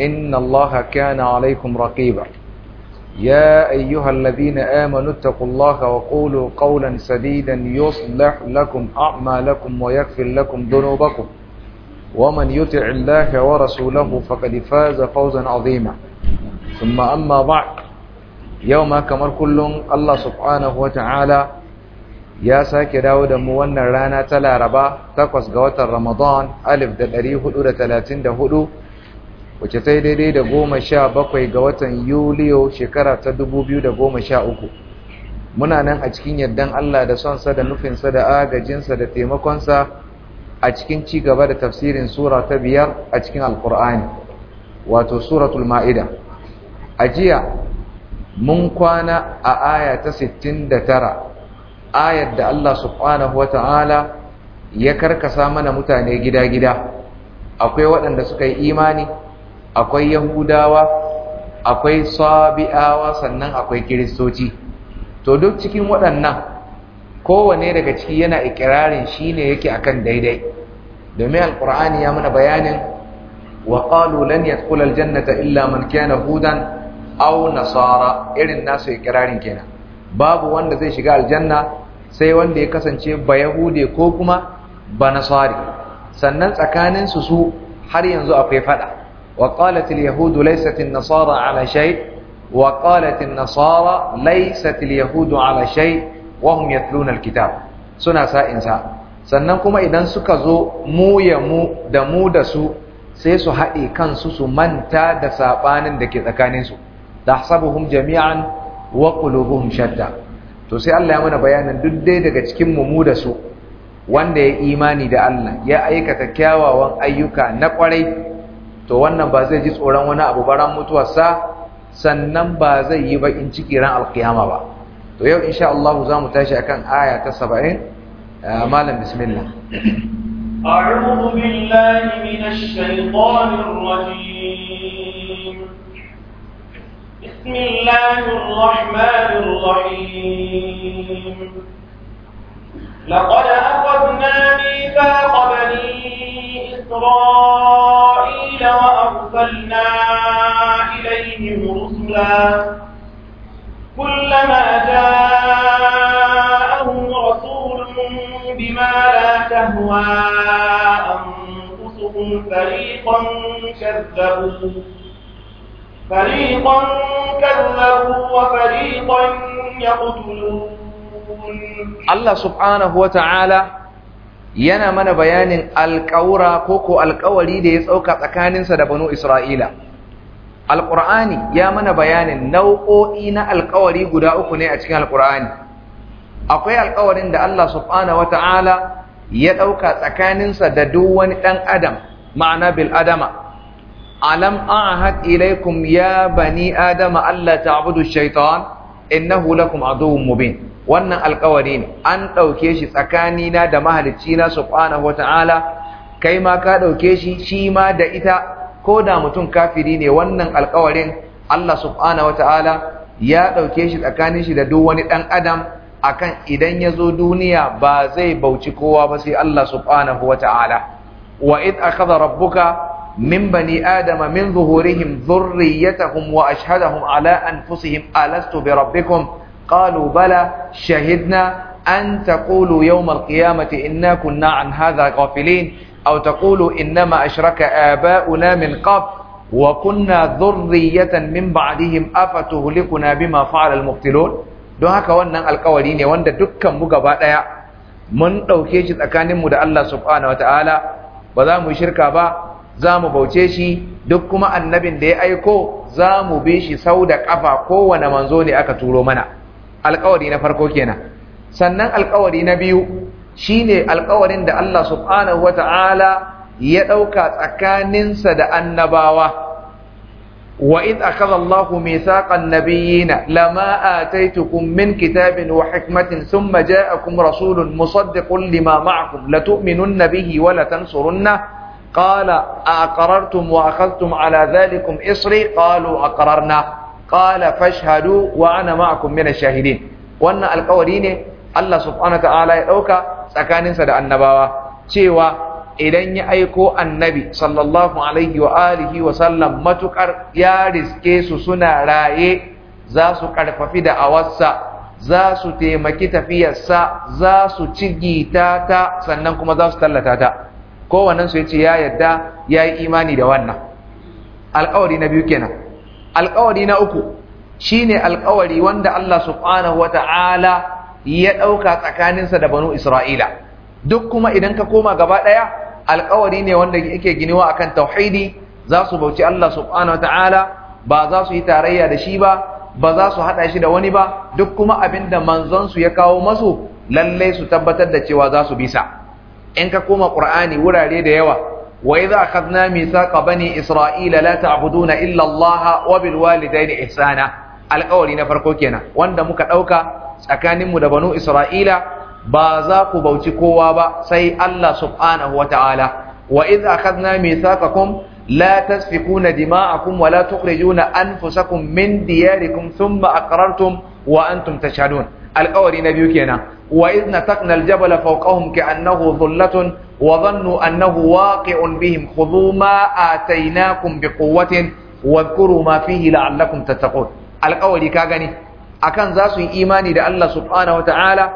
إن الله كان عليكم رقيبا يا أيها الذين آمنوا اتقوا الله وقولوا قولا سديدا يصلح لكم أعمالكم ويغفر لكم ذنوبكم ومن يطع الله ورسوله فقد فاز فوزا عظيما ثم أما بعد يوم كمر كل الله سبحانه وتعالى يا ساكي داود موانا رانا تلا ربا تقوس قوات رمضان ألف دل أريه هدو Wace ta yi daidai da goma sha bakwai ga watan yuliyo shekara ta dubu biyu da goma sha uku muna nan a cikin yardan Allah da sonsa da nufinsa da agajinsa da taimakonsa a cikin ci gaba da tafsirin sura ta biyar a cikin alkur'ani wato suratul ma'ida a jiya mun kwana a aya ta sittin da tara, ayar da Allah subhanahu wata'ala ya karkasa mana mutane gida-gida akwai waɗanda suka yi imani akwai yahudawa akwai sabi'awa sannan akwai kiristoci to duk cikin waɗannan kowane daga ciki yana ikirarin ne yake a kan daidai domin Alƙur'ani ya mana bayanin wa qalu lan yadkhul aljannata illa man na hudan au nasara irin nasu ikirarin kenan babu wanda zai shiga aljanna sai wanda ya kasance ba yahude ko kuma ba nasari sannan tsakaninsu su har yanzu akwai faɗa. وقالت اليهود ليست النصارى على شيء وقالت النصارى ليست اليهود على شيء وهم يتلون الكتاب سنة sannan kuma idan suka zo mu ya mu da mu da su sai su haɗe kansu su manta da saɓanin da ke tsakaninsu tahsabuhum jami'an wa qulubuhum shadda. to sai Allah ya mana bayanin duk dai daga cikin mu mu da su wanda ya imani da Allah ya aikata kyawawan ayyuka na kwarai to wannan ba zai ji tsoron wani abu ba ran mutuwarsa sannan ba zai yi bakin ciki ran alkiyama ba to yau insha Allah za mu tashi akan aya ta 70 eh, malam bismillah أعوذ بالله من الشيطان الرجيم بسم الله الرحمن الرحيم لقد أخذنا ميثاق بني إسرائيل وأرسلنا إليهم رسلا كلما جاءهم رسول بما لا تهوى أنفسهم فريقا كذبوا فريقا كذبوا وفريقا يقتلون Allah subhanahu wa ta'ala yana mana bayanin alƙawura ko ko alƙawari da ya tsauka tsakaninsa da banu Isra'ila. Alƙur'ani ya mana bayanin nau'o'i na alƙawari guda uku ne a cikin alƙur'ani. Akwai alƙawarin da Allah subhanahu wa ta'ala ya ɗauka tsakaninsa da duk wani ɗan adam, ma'ana bil adama. alam ahad ilaikum ya bani adama Allah ta'budu shaitan innahu lakum aduwwun mubin. wannan alkawari ne an ɗauke shi tsakanina da mahalicina subhanahu wata'ala kai ma ka ɗauke shi shi ma da ita ko da mutum kafiri ne wannan alkawarin Allah subhanahu wata'ala ya ɗauke shi tsakanin shi da duk wani ɗan adam akan idan ya zo duniya ba zai bauci kowa ba sai Allah subhanahu wata'ala wa id akhadha rabbuka من بني آدم من ظهورهم ذريتهم ala anfusihim alastu bi rabbikum قالوا بلى شهدنا أن تقولوا يوم القيامة إنا كنا عن هذا غافلين أو تقولوا إنما أشرك آباؤنا من قبل وكنا ذرية من بعدهم أفتهلكنا بما فعل المبتلون دو هكا وانا القوالين وانا دكا مقبا ليا من لو كيشت أكان نمو الله سبحانه وتعالى وزامو شركا با zamu bauce shi duk kuma ايكو زامو بيشي aiko zamu كو وانا sau da kafa alkawari na farko kenan sannan alkawari na biyu shine alkawarin da Allah subhanahu wata'ala ya dauka tsakaninsa da annabawa wa id akhadha Allahu mithaqan nabiyyina lama ataitukum min kitabin wa hikmatin thumma ja'akum rasulun musaddiqun lima ma'akum latu'minunna bihi wa latansurunna قال أقررتم وأخذتم على ذلكم إصري قالوا أقررنا qala fashhadu wa ana ma'akum min ash-shahidin wannan alƙawari ne Allah subhanahu ta'ala ya dauka tsakaninsa da annabawa cewa idan ya aiko annabi sallallahu alaihi wa alihi wa sallam matukar ya riske su suna raye za su karfafi da awarsa za su taimaki tafiyarsa za su cigita ta sannan kuma za su tallata ta kowannen su yace ya yadda ya yi imani da wannan alƙawari na biyu kenan alƙawari na uku shine alƙawari wanda Allah subhanahu wata'ala ya ɗauka tsakaninsa da banu Isra'ila duk kuma idan ka koma gaba ɗaya alƙawari ne wanda yake giniwa akan tauhidi za su bauci Allah subhanahu wata'ala ba za su yi tarayya da shi ba ba za su haɗa shi da wani ba duk kuma abin da manzonsu ya kawo masu lallai su tabbatar da cewa za su bisa in ka koma ƙur'ani wurare da yawa وإذا أخذنا ميثاق بني إسرائيل لا تعبدون إلا الله وبالوالدين إحسانا alƙawari na farko kenan wanda muka ɗauka tsakaninmu da banu Isra'ila ba za ku bauci kowa ba sai Allah subhanahu wa ta'ala wa iz akhadna mithaqakum la tasfikuna wala wa la an anfusakum min diyarikum thumma aqrartum wa antum tashhadun alƙawari na biyu kenan وإذ نتقنا الجبل فوقهم كأنه ظلة وظنوا أنه واقع بهم خذوا ما آتيناكم بقوة واذكروا ما فيه لعلكم تتقون القول كاغني أكن زاسو إيماني دا الله سبحانه وتعالى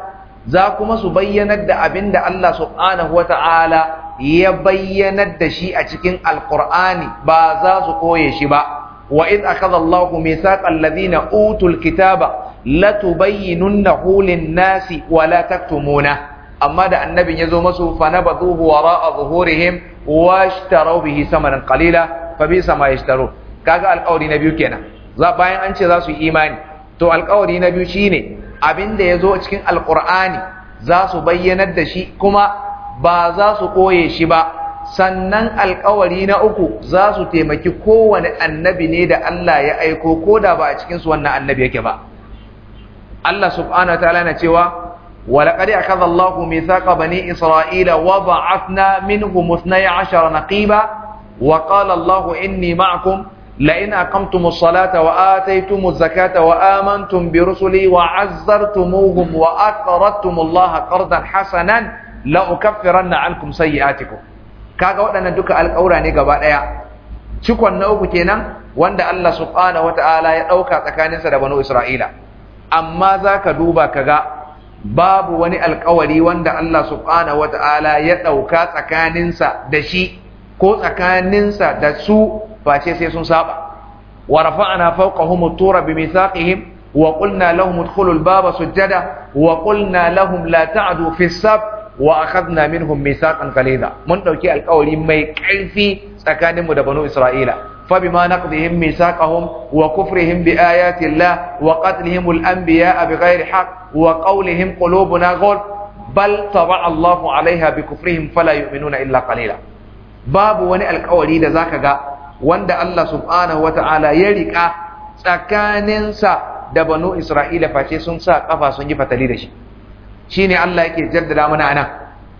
زاكما سبينا دا أبن دا الله سبحانه وتعالى يبينا دا شيء أتكين القرآن بازاسو قوي شبا وإذ أخذ الله ميثاق الذين أوتوا الكتاب latubayyinunnahu lin-nasi wa la taktumuna amma da annabin yazo masu fa nabadhuhu wara'a zuhurihim washtaraw bihi samanan qalila fa bisa ma yashtaru kaga alƙawari na biyu kenan za bayan an ce za su yi imani to alƙawari na biyu shine abinda yazo cikin alqur'ani za su bayyanar da shi kuma ba za su koye shi ba sannan alkawari na uku za su taimaki kowane annabi ne da Allah ya aiko ko da ba a cikinsu wannan annabi yake ba Allah subhanahu wataala yana cewa walaqad akhadallahu mithaqa bani isra'ila wada'atna minhum 12 naqiba wa qala inni ma'akum لئن أقمتم الصلاة وآتيتم الزكاة وآمنتم برسلي وعزرتموهم وأقرضتم الله قرضا حسنا لأكفرن عنكم سيئاتكم kaga duka alƙaurane gaba daya cikon na kenan wanda Allah subhanahu ya dauka tsakaninsa da banu Isra'ila amma za ka duba ka ga babu wani alkawari wanda Allah subhanahu Wata'ala ya ɗauka tsakaninsa da shi ko tsakaninsa da su face sai sun saba wa rafa'ana fawqahum at-tura bi wa qulna lahum idkhulul baba sujada wa qulna lahum la ta'du fi as-sab wa akhadna minhum mithaqan qalila mun dauki alkawari mai ƙarfi tsakaninmu da banu isra'ila فبما نقضهم ميثاقهم وكفرهم بآيات الله وقتلهم الأنبياء بغير حق وقولهم قلوبنا غلف بل طبع الله عليها بكفرهم فلا يؤمنون إلا قليلا باب وني القولي da zaka ga wanda Allah subhanahu wataala ya riƙa tsakaninsa da banu Isra'ila face sun sa ƙafa sun yi fatali da shi ne Allah yake jaddada mana anan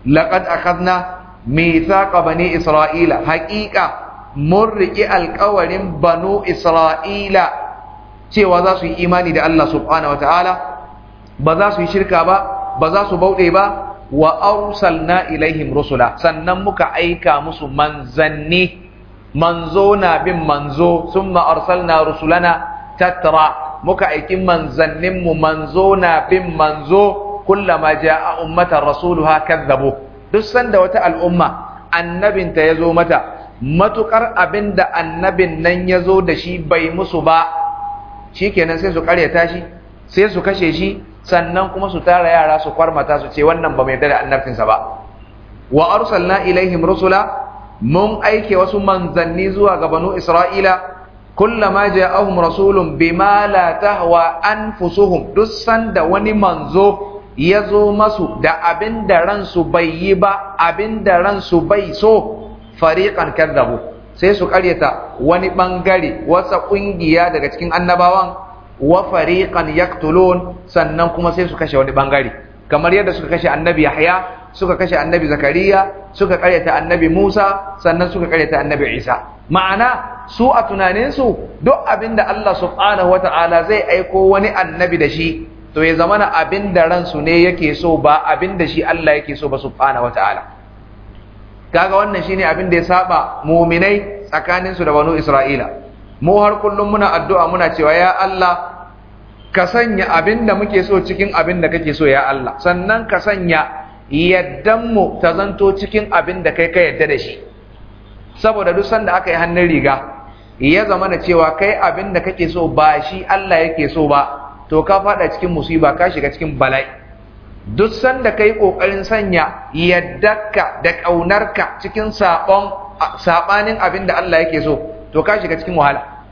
laqad akhadna mithaqa bani Isra'ila haqiqa mun riƙi alƙawarin banu isra'ila cewa za su yi imani da Allah subhanahu wataala ba za su yi shirka ba ba za su bauɗe ba wa arsalna ilaihim rusula sannan muka aika musu manzanni manzo na bin manzo summa arsalna rusulana tattara muka aiki manzanninmu manzo na bin manzo kullama ja'a ummatan rasuluha kadzabu duk sanda wata al'umma annabinta ya zo mata matukar abin da annabin nan ya zo da shi bai musu ba shi kenan sai su karyata shi sai su kashe shi sannan kuma su tara yara su kwarmata su ce wannan ba mai da annabcinsa ba wa arsalna ilaihim rusula mun aike wasu manzanni zuwa ga banu isra'ila kullama ja'ahum rasulun bima la tahwa anfusuhum duk sanda wani manzo ya zo masu da abin da ransu bai yi ba abin da ransu bai so fariqan kadzabu sai su karyata wani bangare wasa ƙungiya daga cikin annabawan wa fariqan yaqtulun sannan kuma sai su kashe wani bangare kamar yadda suka kashe annabi Yahya suka kashe annabi Zakariya suka ƙaryata annabi Musa sannan suka karyata annabi Isa ma'ana su a tunaninsu duk abinda Allah subhanahu wata'ala zai aiko wani annabi da shi to ya zamana abin da ransu ne yake so ba abin da shi Allah yake so ba subhanahu wata'ala kaga wannan shine abin da ya saba mu'minai tsakanin su da banu Isra'ila mu har kullum muna addu'a muna cewa ya Allah ka sanya abin da muke so cikin abin da kake so ya Allah sannan ka sanya yaddan mu ta zanto cikin abin da kai ka yadda da shi saboda duk sanda aka yi hannun riga ya zama na cewa kai abin da kake so ba shi Allah yake so ba to ka fada cikin musiba ka shiga cikin bala'i duk sanda kai kokarin sanya yaddarka da kaunarka cikin sabon sabanin abin da Allah yake so to ka shiga cikin wahala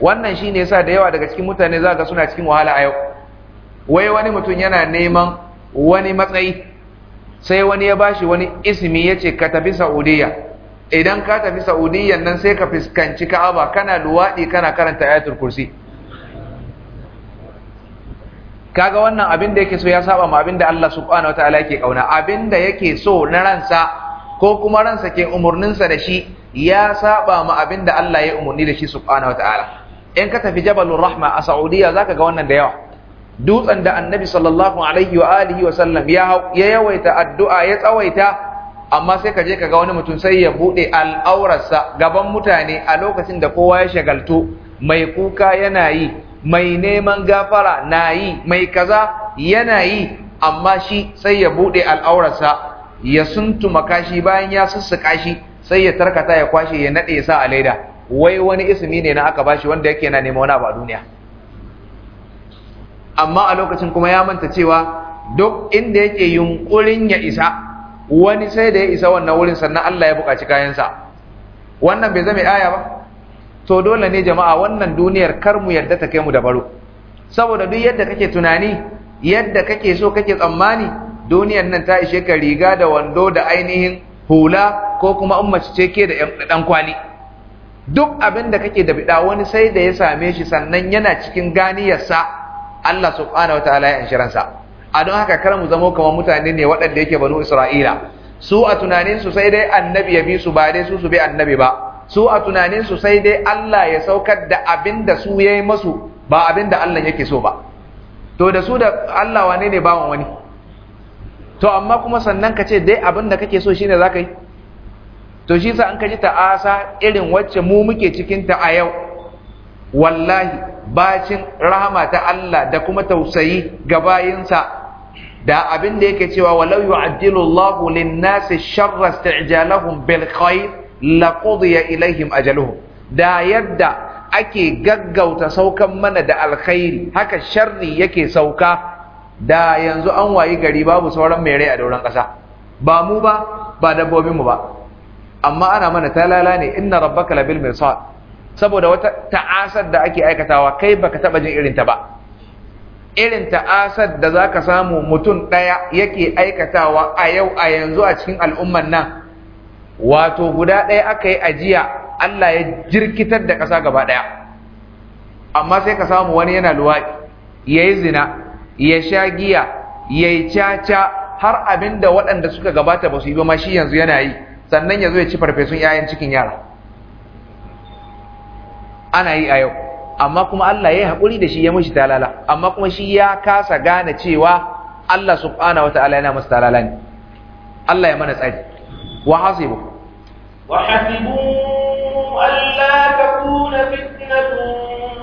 wannan shine yasa da yawa daga cikin mutane za ka suna cikin wahala a yau wai wani mutum yana neman wani matsayi sai wani ya bashi wani ismi yace ka tafi Saudiya idan ka tafi saudiya nan sai ka fuskanci Ka'aba kana luwaɗi, kana karanta ayatul kursi kaga wannan abin da yake so ya saba ma abin da Allah subhanahu wataala yake kauna abin da yake so na ransa ko kuma ransa ke umurninsa da shi ya saba ma abin da Allah ya umurni da shi subhanahu wataala in ka tafi jabalur rahma a saudiya zaka ga wannan da yawa dutsen da annabi sallallahu alaihi wa alihi wa sallam ya yawaita addu'a ya tsawaita amma sai ka je ka ga wani mutum sai ya bude al'aurarsa gaban mutane a lokacin da kowa ya shagaltu mai kuka yana yi mai neman gafara na yi mai kaza yana yi amma shi sai ya buɗe al'aurarsa ya suntuma kashi bayan ya sussuka shi sai ya tarkata ya kwashe ya naɗe ya sa a laida wai wani ismi ne na aka bashi wanda yake na neman wani abu a duniya amma a lokacin kuma ya manta cewa duk inda yake yunkurin ya isa wani sai da ya isa wannan wurin sannan Allah ya buƙaci kayansa wannan bai zama aya ba to dole ne jama'a wannan duniyar kar mu yarda ta kai mu da baro saboda duk yadda kake tunani yadda kake so kake tsammani duniyar nan ta ishe ka riga da wando da ainihin hula ko kuma in mace ce ke da ɗan kwali duk abin da kake da bida wani sai da ya same shi sannan yana cikin ganiyar sa, Allah subhanahu wataala ya inshiransa a don haka kar mu zamo kamar mutane ne waɗanda yake banu Isra'ila su a tunanin su sai dai annabi ya bi su ba dai su su bi annabi ba su a tunanin su sai dai Allah ya saukar da abin da su yayi masu ba abin da Allah yake so ba to da su da Allah wane ne bawan wani to amma kuma sannan ka ce dai abin da kake so shine zaka yi to shi sa an ka ji ta'asa irin wacce mu muke cikin ta a yau wallahi bacin rahama ta Allah da kuma tausayi ga bayinsa da abin da yake cewa walau yu'addilu Allahu lin-nasi sharra isti'jalahum bil khair laqudiya ilaihim ajaluhum da yadda ake gaggauta saukan mana da alkhairi haka sharri yake sauka da yanzu an wayi gari babu sauran mai rai a doron ƙasa ba mu ba ba dabbobin mu ba amma ana mana talala ne inna rabbaka labil mirsad saboda wata ta'asar da ake aikatawa kai baka taba jin irin ta ba irin ta'asar da zaka samu mutum daya yake aikatawa a yau a yanzu a cikin al'umman nan wato guda ɗaya aka yi ajiya Allah ya jirkitar da ƙasa gaba ɗaya amma sai ka samu wani yana luwaɗi ya yi zina ya sha giya ya yi caca har abin da waɗanda suka gabata ba su yi ba ma shi yanzu yana yi sannan ya zo ya ci farfesun 'ya'yan cikin yara ana yi a yau amma kuma Allah ya yi haƙuri da shi ya mashi talala amma kuma shi ya kasa gane cewa Allah subhanahu wataala yana masa talala ne Allah ya mana tsari wa hasibu وحسبوا ألا تكون فتنة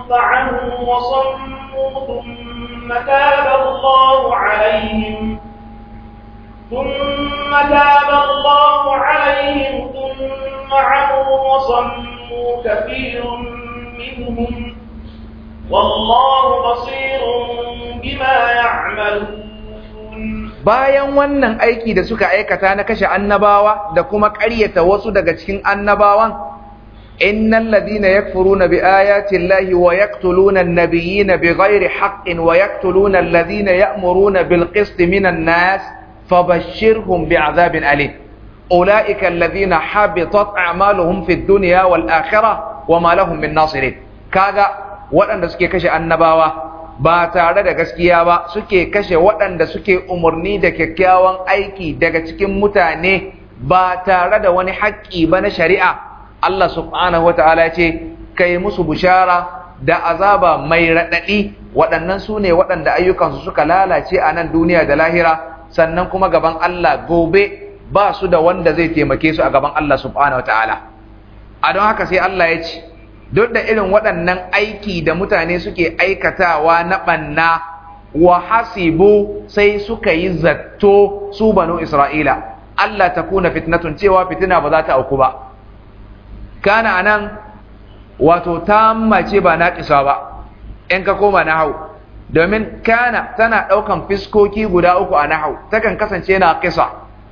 فعنوا وصموا ثم تاب الله عليهم ثم تاب الله عليهم ثم عموا وصموا كثير منهم والله بصير بما يعملون bayan wannan aiki da suka aikata na kashe annabawa da kuma ƙaryata wasu daga cikin annabawan innal ladina yakfuruna biayati llahi wa yaqtuluna an-nabiyina bighairi haqqin wa yaqtuluna alladhina ya'muruna bil qisti minan nas fabashshirhum bi'adhabin alim ulaika alladhina habitat a'maluhum fid dunya wal akhirah wama lahum min nasirin kaga waɗanda suke kashe annabawa ba tare da gaskiya ba suke kashe waɗanda suke umarni da kyakkyawan aiki daga cikin mutane ba tare da wani haƙƙi ba na shari'a Allah subhanahu wa ta'ala ce kai musu bushara da azaba mai raɗaɗi waɗannan su ne waɗanda ayyukansu suka lalace a nan duniya da lahira sannan kuma gaban Allah gobe ba su da wanda zai taimake su a gaban Allah subhanahu wa ta'ala a don haka sai Allah ya ce duk da irin waɗannan aiki da mutane suke aikatawa na ɓanna wa hasibu sai suka yi zato su banu isra'ila Allah ta kuna fitnatun cewa fitina ba za ta auku ba kana anan wato ta mace ba na ƙisa ba in ka koma na hau domin kana tana ɗaukan fiskoki guda uku a nahau takan kasance na ƙisa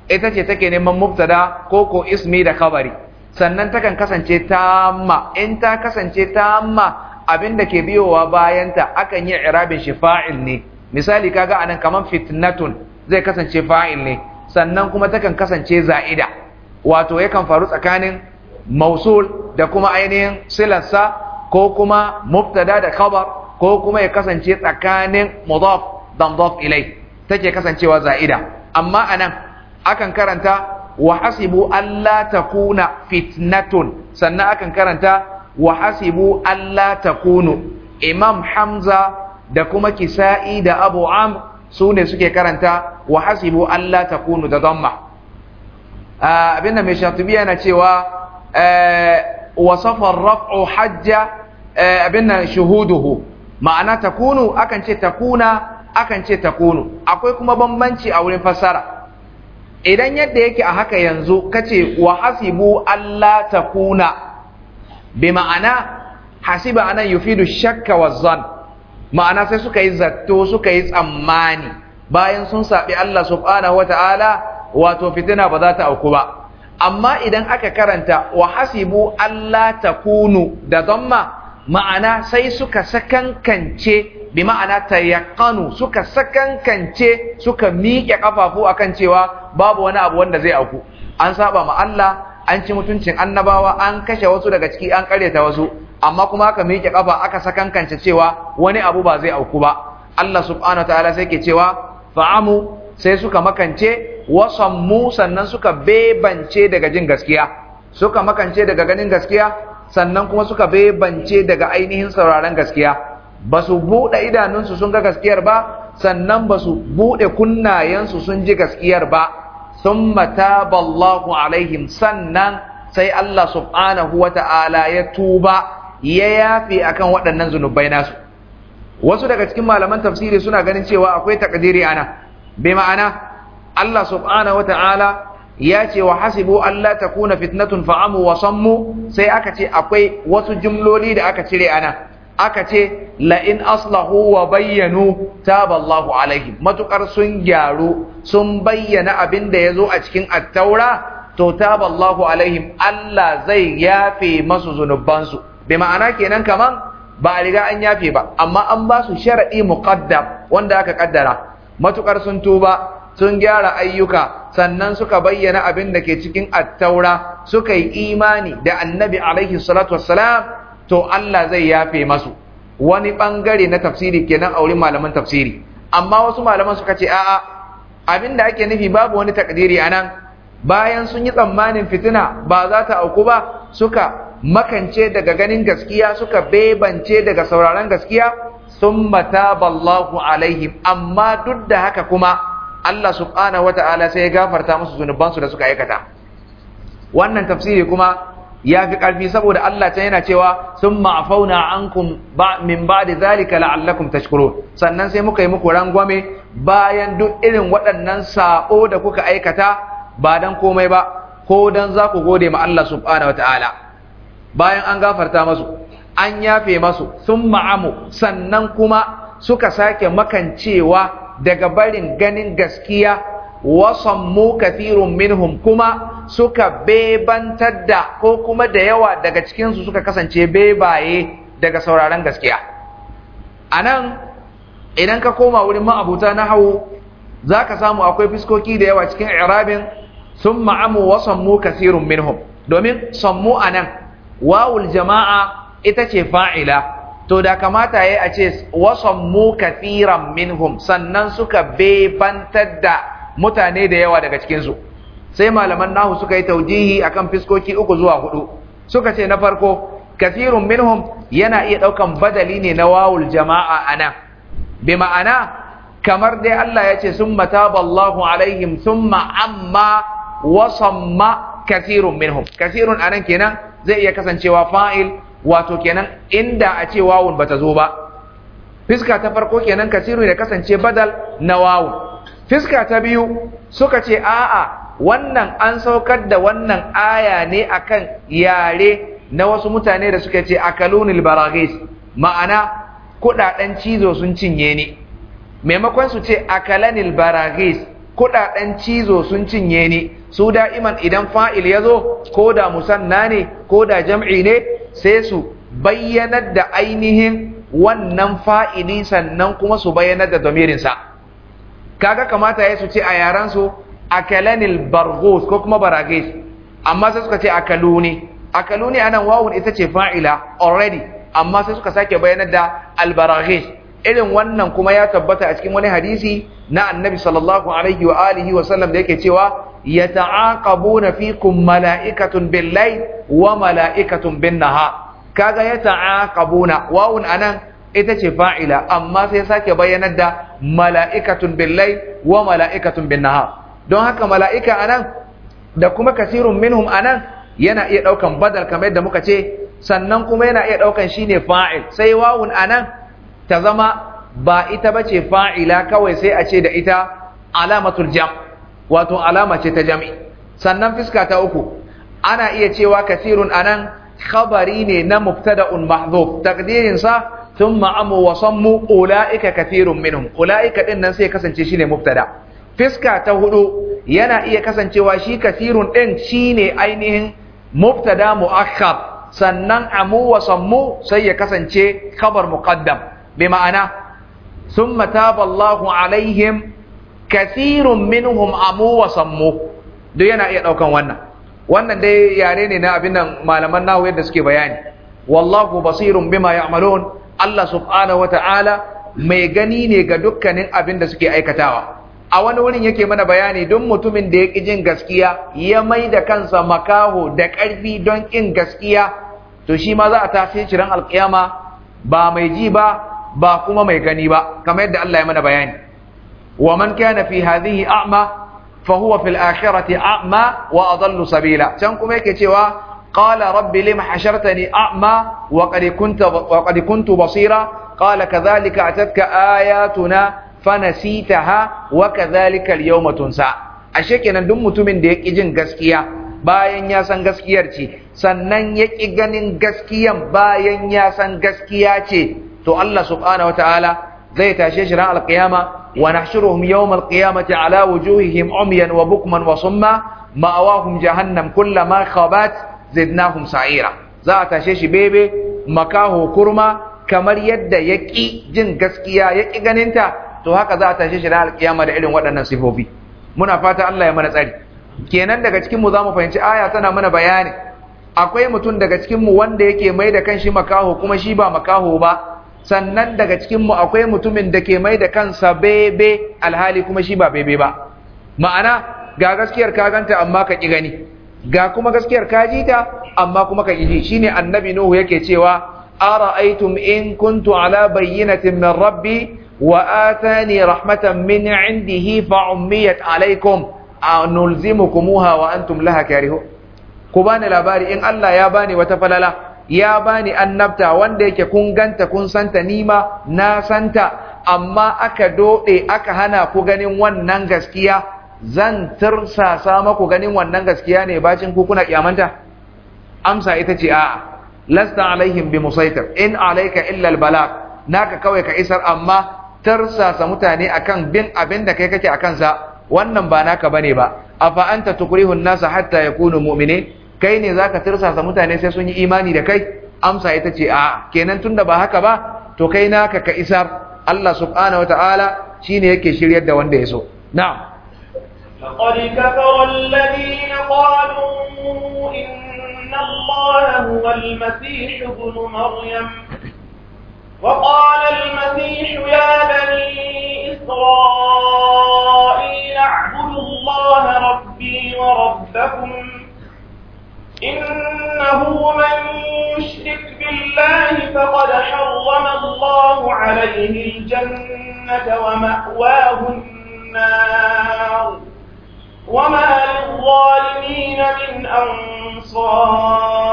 ita ce take neman mubtada ko ko ismi da kabari sannan takan kasance tamma in ta kasance tamma da ke biyowa bayanta akan yi irabin shi fa'il ne misali kaga anan kaman fitnatun zai kasance fa'il ne sannan kuma takan kasance za'ida wato yakan faru tsakanin mausul da kuma ainihin silarsa ko kuma mubtada da khabar ko kuma ya kasance tsakanin mudaf da mudaf ilai take kasancewa za'ida amma anan akan karanta wa hasibu alla takuna fitnatun sannan akan karanta wa hasibu alla takunu imam hamza da kuma kisa'i da abu am su ne suke karanta wa hasibu alla takunu da damma abin ah, da mai shatubi yana cewa eh, wasafar raf'u hajja eh, abin nan shuhuduhu ma'ana takunu akan ce takuna akan ce takunu akwai kuma bambanci a wurin fassara idan yadda yake a haka yanzu kace wa hasibu Allah takuna bi ma'ana hasiba anan yufidu shakka wa zan ma'ana sai suka yi zato suka yi tsammani bayan sun saɓi Allah subhanahu wa ta'ala wato fitina ba za ta auku ba amma idan aka karanta wa hasibu Allah takunu da zamma ma'ana sai suka sakankance bi ma'ana tayakkanu suka sakankance suka miƙe kafafu akan cewa babu wani abu wanda zai auku an saba ma Allah an ci mutuncin annabawa an kashe wasu daga ciki an ƙaryata wasu amma kuma aka miƙe kafa aka sakankance cewa wani abu ba zai auku ba Allah subhanahu wataala sai ke cewa fa'amu sai suka makance wasan mu sannan suka bebance daga jin gaskiya suka makance daga ganin gaskiya sannan kuma suka bebance daga ainihin sauraron gaskiya ba su buɗe idanunsu sun ga gaskiyar ba sannan ba su buɗe kunnayensu sun ji gaskiyar ba sun mataballahu alaihim sannan sai Allah subhanahu wa ta'ala ya tuba ya yafe akan waɗannan zunubai nasu wasu daga cikin malaman tafsiri suna ganin cewa akwai takdiri ana bai ma'ana Allah subhanahu wa ta'ala ya ce wa hasibu Allah ta kuna fitnatun fa'amu wa sammu sai aka ce akwai wasu jumloli da aka cire ana aka ce la'in aslahu wa bayyanu taballahu alaihim Matuƙar sun gyaru sun bayyana abin da ya zo a cikin attaura to taballahu alaihim Allah zai yafe masu zunubansu bai ma'ana kenan kaman ba a riga an yafe ba amma an ba su sharaɗi muqaddam wanda aka ƙaddara. Matuƙar sun tuba sun gyara ayyuka sannan suka bayyana abin da ke cikin attaura suka yi imani da annabi alaihi salatu wassalam to Allah zai yafe masu wani bangare na tafsiri kenan a wurin malaman tafsiri amma wasu malaman suka ce a'a abin da ake nufi babu wani takdiri anan bayan sun yi tsammanin fitina ba za ta auku ba suka makance daga ganin gaskiya suka bebance daga sauraron gaskiya sun mataballahu alaihim amma duk da haka kuma Allah subhanahu wata'ala sai ya gafarta musu zunubansu da suka aikata wannan tafsiri kuma ya fi ƙarfi saboda Allah ta yana cewa sun ma'afauna ankum ba min ba da zalika la'allakum tashkuru sannan sai muka yi muku rangwame bayan duk irin waɗannan sa'o da kuka aikata ba dan komai ba ko dan za ku gode ma Allah subhanahu wata'ala bayan an gafarta masu an yafe masu sun ma'amu sannan kuma suka sake makancewa daga barin ganin gaskiya wasan mu kathirun minhum kuma suka bebantar da ko kuma da yawa daga cikinsu suka kasance bebaye daga sauraron gaskiya anan idan ka koma wurin ma'abuta na hau za ka samu akwai fiskoki da yawa cikin irabin sun ma'amu wasan mu kasirun minhum domin sammu anan wawul jama'a ita ce fa'ila to da kamata yayi a ce mu kasiran minhum sannan suka bebantar da mutane da yawa daga cikin su sai malaman nahu suka yi taujihi akan fiskoki uku zuwa hudu suka ce na farko kasirun minhum yana iya daukan badali ne na wawul jama'a ana bi ma'ana kamar dai Allah ya ce summa taballahu alaihim summa amma wasamma kathirun minhum kathirun anan kenan zai iya kasancewa fa'il wato kenan inda a ce wawun bata zo ba fiska ta farko kenan kasiru da kasance badal na wawun fiska ta biyu suka ce a'a wannan an saukar da wannan aya ne akan yare na wasu mutane da suka ce akalunil baragis ma'ana kudaden cizo sun cinye ne maimakon su ce akalanil baragis kudaden cizo sun cinye ne su da'iman idan fa'il ya zo ko da musanna ne ko da jam'i ne sai su bayyanar da ainihin wannan fa'ili sannan kuma su bayyanar da domirinsa kaga kamata ya su ce a yaransu akalanil bargos ko kuma baragis amma sai suka ce akaluni akaluni anan wawun ita ce fa'ila already amma sai suka sake bayyanar da albaragis irin wannan kuma ya tabbata a cikin wani hadisi na annabi sallallahu alaihi wa alihi wa sallam da yake cewa yata'aqabuna fikum mala'ikatun bil layl wa mala'ikatun bin nahar kaga yata'aqabuna wawun anan ita ce fa'ila amma sai sake bayyanar da mala'ikatun bil layl wa mala'ikatun bin nahar don haka mala'ika anan da kuma kasirun minhum anan yana iya ɗaukan badal kamar yadda muka ce sannan kuma yana iya daukan shine fa'il sai wawun anan ta zama ba ita bace fa'ila kawai sai a ce da ita alamatul jam' wato alama ce ta jami sannan fiska ta uku ana iya cewa kasirun anan khabari ne na mubtada'un mahdhuf taqdirin sa thumma amu wa sammu ulaika kathirun minhum ulaika din nan sai kasance shine mubtada fiska ta hudu yana iya kasancewa shi kasirun din shine ainihin mubtada muakhar sannan amu wa sammu sai ya kasance khabar muqaddam bi ma'ana thumma taballahu alaihim kasirun minhum amu wa sammu duk yana iya daukan wannan wannan dai yare ne na abin nan malaman nahu yadda suke bayani wallahu basirun bima ya'malun Allah subhanahu wata'ala mai gani ne ga dukkanin abin da suke aikatawa a wani wurin yake mana bayani don mutumin da ya ki jin gaskiya ya mai da kansa makaho da karfi don ƙin gaskiya to shi ma za a tafi ciran alkiyama ba mai ji ba ba kuma mai gani ba kamar yadda Allah ya mana bayani ومن كان في هذه أعمى فهو في الآخرة أعمى وأضل سبيلا تنكم هيك تيوا قال رب لم حشرتني أعمى وقد كنت وقد كنت بصيرا قال كذلك أتتك آياتنا فنسيتها وكذلك اليوم تنسى ashe kenan duk mutumin da ya ƙi jin gaskiya bayan ya san gaskiyar ce sannan ya ƙi ganin gaskiyan bayan ya san gaskiya ce to Allah subhanahu wataala zai tashe shi ran alƙiyama ونحشرهم يوم القيامة على وجوههم عميا وبكما وصما مأواهم جهنم كلما خبت زدناهم سعيرا za a tashe shi bebe makaho kurma kamar yadda ya ƙi jin gaskiya ya ƙi ganinta to haka za a tashe shi na alkiyama da irin waɗannan sifofi muna fata Allah ya mana tsari kenan daga cikin mu zamu fahimci aya tana mana bayani akwai mutum daga cikin mu wanda yake mai da kanshi makaho kuma shi ba makaho ba sannan daga cikin mu akwai mutumin da ke mai da kansa bebe alhali kuma shi ba bebe ba ma'ana ga gaskiyar ka ganta amma ka ƙi gani ga kuma gaskiyar ka ji ta amma kuma ka ji shine annabi nuhu yake cewa ara'aytum in kuntu ala bayyinatin min rabbi wa atani rahmatan min indihi fa ummiyat alaykum anulzimukumuha wa antum laha karihun ku bani labari in Allah ya bani wata falala ya bani annabta wanda yake kun ganta kun santa nima na santa amma aka dode aka hana ku ganin wannan gaskiya zan tirsasa maku ganin wannan gaskiya ne bacin ku kuna kiyamanta amsa ita ce a'a lasta alaihim bi musaitir in alaika illa albalag naka kawai ka isar amma tirsasa mutane akan bin abin da kai kake akan sa wannan ba naka bane ba afa anta tukrihun nasa hatta yakunu mu'minin kai ne za ka tirsasa mutane sai sun yi imani da kai amsa ita ce a kenan tunda ba haka ba to kai naka ka isar Allah Subhana wa Ta'ala shi ne yake shiryar da wanda ya so na'am وقال المسيح يا بني إسرائيل اعبدوا الله ربي وربكم إنه من يشرك بالله فقد حرم الله عليه الجنة ومأواه النار وما للظالمين من أنصار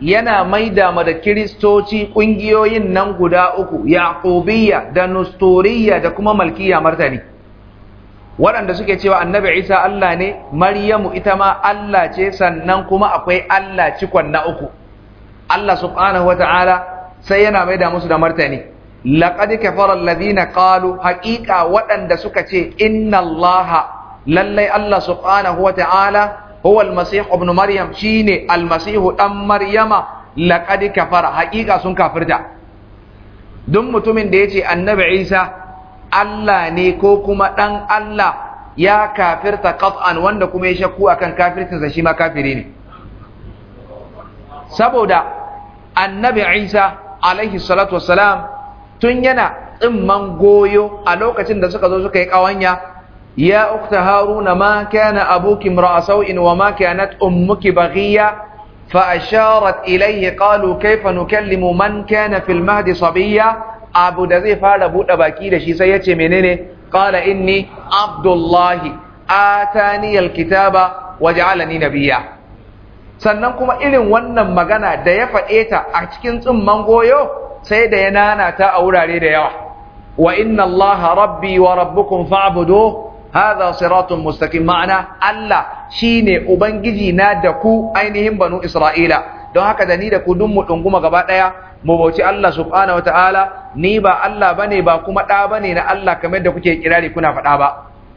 yana maida ma da kiristoci ƙungiyoyin nan guda uku yaƙubiyya da nustoriya da kuma malkiya martani waɗanda suke cewa annabi isa Allah ne maryamu ita ma Allah ce sannan kuma akwai Allah cikon na uku Allah subhanahu ta'ala sai yana maida musu da martani laqad kafara alladhina qalu haqiqa waɗanda suka ce inna allaha lallai Allah subhanahu ta'ala, huwa almasih ibn maryam shine almasihu dan maryama laqad kafara haqiqa sun kafirta duk mutumin da yace annabi isa Allah ne ko kuma ɗan Allah ya kafirta qat'an wanda kuma ya shakku akan kafircinsa shi ma kafiri ne saboda annabi Isa alaihi salatu wassalam tun yana tsimman goyo a lokacin da suka zo suka yi ya ukta haruna ma kana abuki imra'a sau'in wa ma kanat ummuki baghiya fa asharat ilayhi qalu kayfa nukallimu man kana fil mahdi sabiyya abu da zai fara buɗe baki da shi sai ya ce menene qala inni abdullahi waje alkitaba na biya. sannan kuma irin wannan magana da ya faɗe ta a cikin tsimman goyo sai da ya nana ta a wurare da yawa wa inna allaha rabbi wa rabbukum fa'budu hadha siratun mustaqim ma'ana Allah shine ubangiji na da ku ainihin banu isra'ila don haka da ni da ku dun mu dunguma gaba daya mu bauci Allah subhanahu wataala ni ba Allah bane ba kuma da bane na Allah kamar da kuke kirari kuna faɗa ba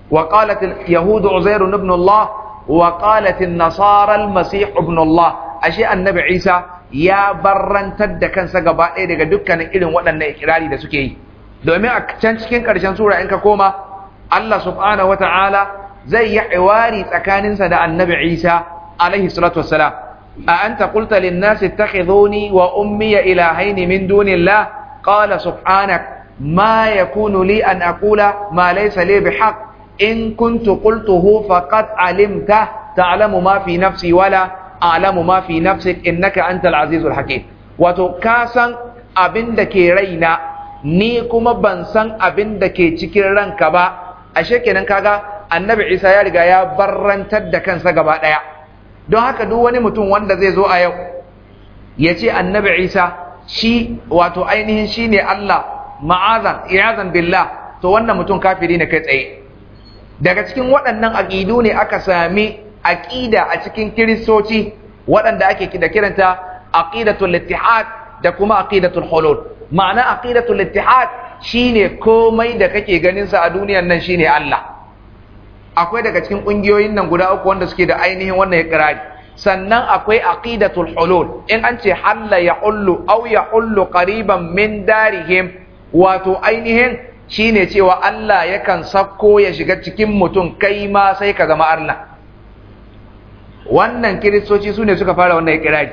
wa qalat yahudu uzair ibn Allah wa qalat nasara al-masih ibn Allah ashe annabi Isa ya barrantar da kansa gaba daga dukkanin irin waɗannan ikirari da suke yi domin a can cikin ƙarshen sura in ka koma Allah subhanahu wataala zai yi iwari tsakaninsa da annabi Isa alaihi salatu wassalam a anta qulta lin nasi ittakhiduni wa ummiya ilahayn min dunillah qala subhanak ma yakunu li an aqula ma laysa li bihaq in kuntu qultuhu faqad alimta ta'lamu ma fi nafsi wala a'lamu ma fi nafsik innaka antal azizul hakim wato ka san abin da ke raina ni kuma ban san abin da ke cikin ranka ba ashe kenan kaga annabi isa ya riga ya barrantar da kansa gaba daya don haka duk wani mutum wanda zai zo a yau ya ce annabi isa shi wato ainihin shi ne allah ma'azan iyazan billah to wannan mutum kafiri ne kai tsaye daga cikin waɗannan aƙidu ne aka sami aƙida a cikin kiristoci waɗanda ake da kiranta aqidatul ittihad da kuma aƙidatul hulul ma'ana aqidatul ittihad shine komai da kake ganin a duniyar nan shine Allah akwai daga cikin kungiyoyin nan guda uku wanda suke da ainihin wannan ikrari sannan akwai aqidatul hulul in an ce halla hullu aw hullu qariban min darihim wato ainihin shine cewa Allah yakan sako ya shiga cikin mutum kai ma sai ka zama Allah wannan kiristoci su ne suka fara wannan ikrari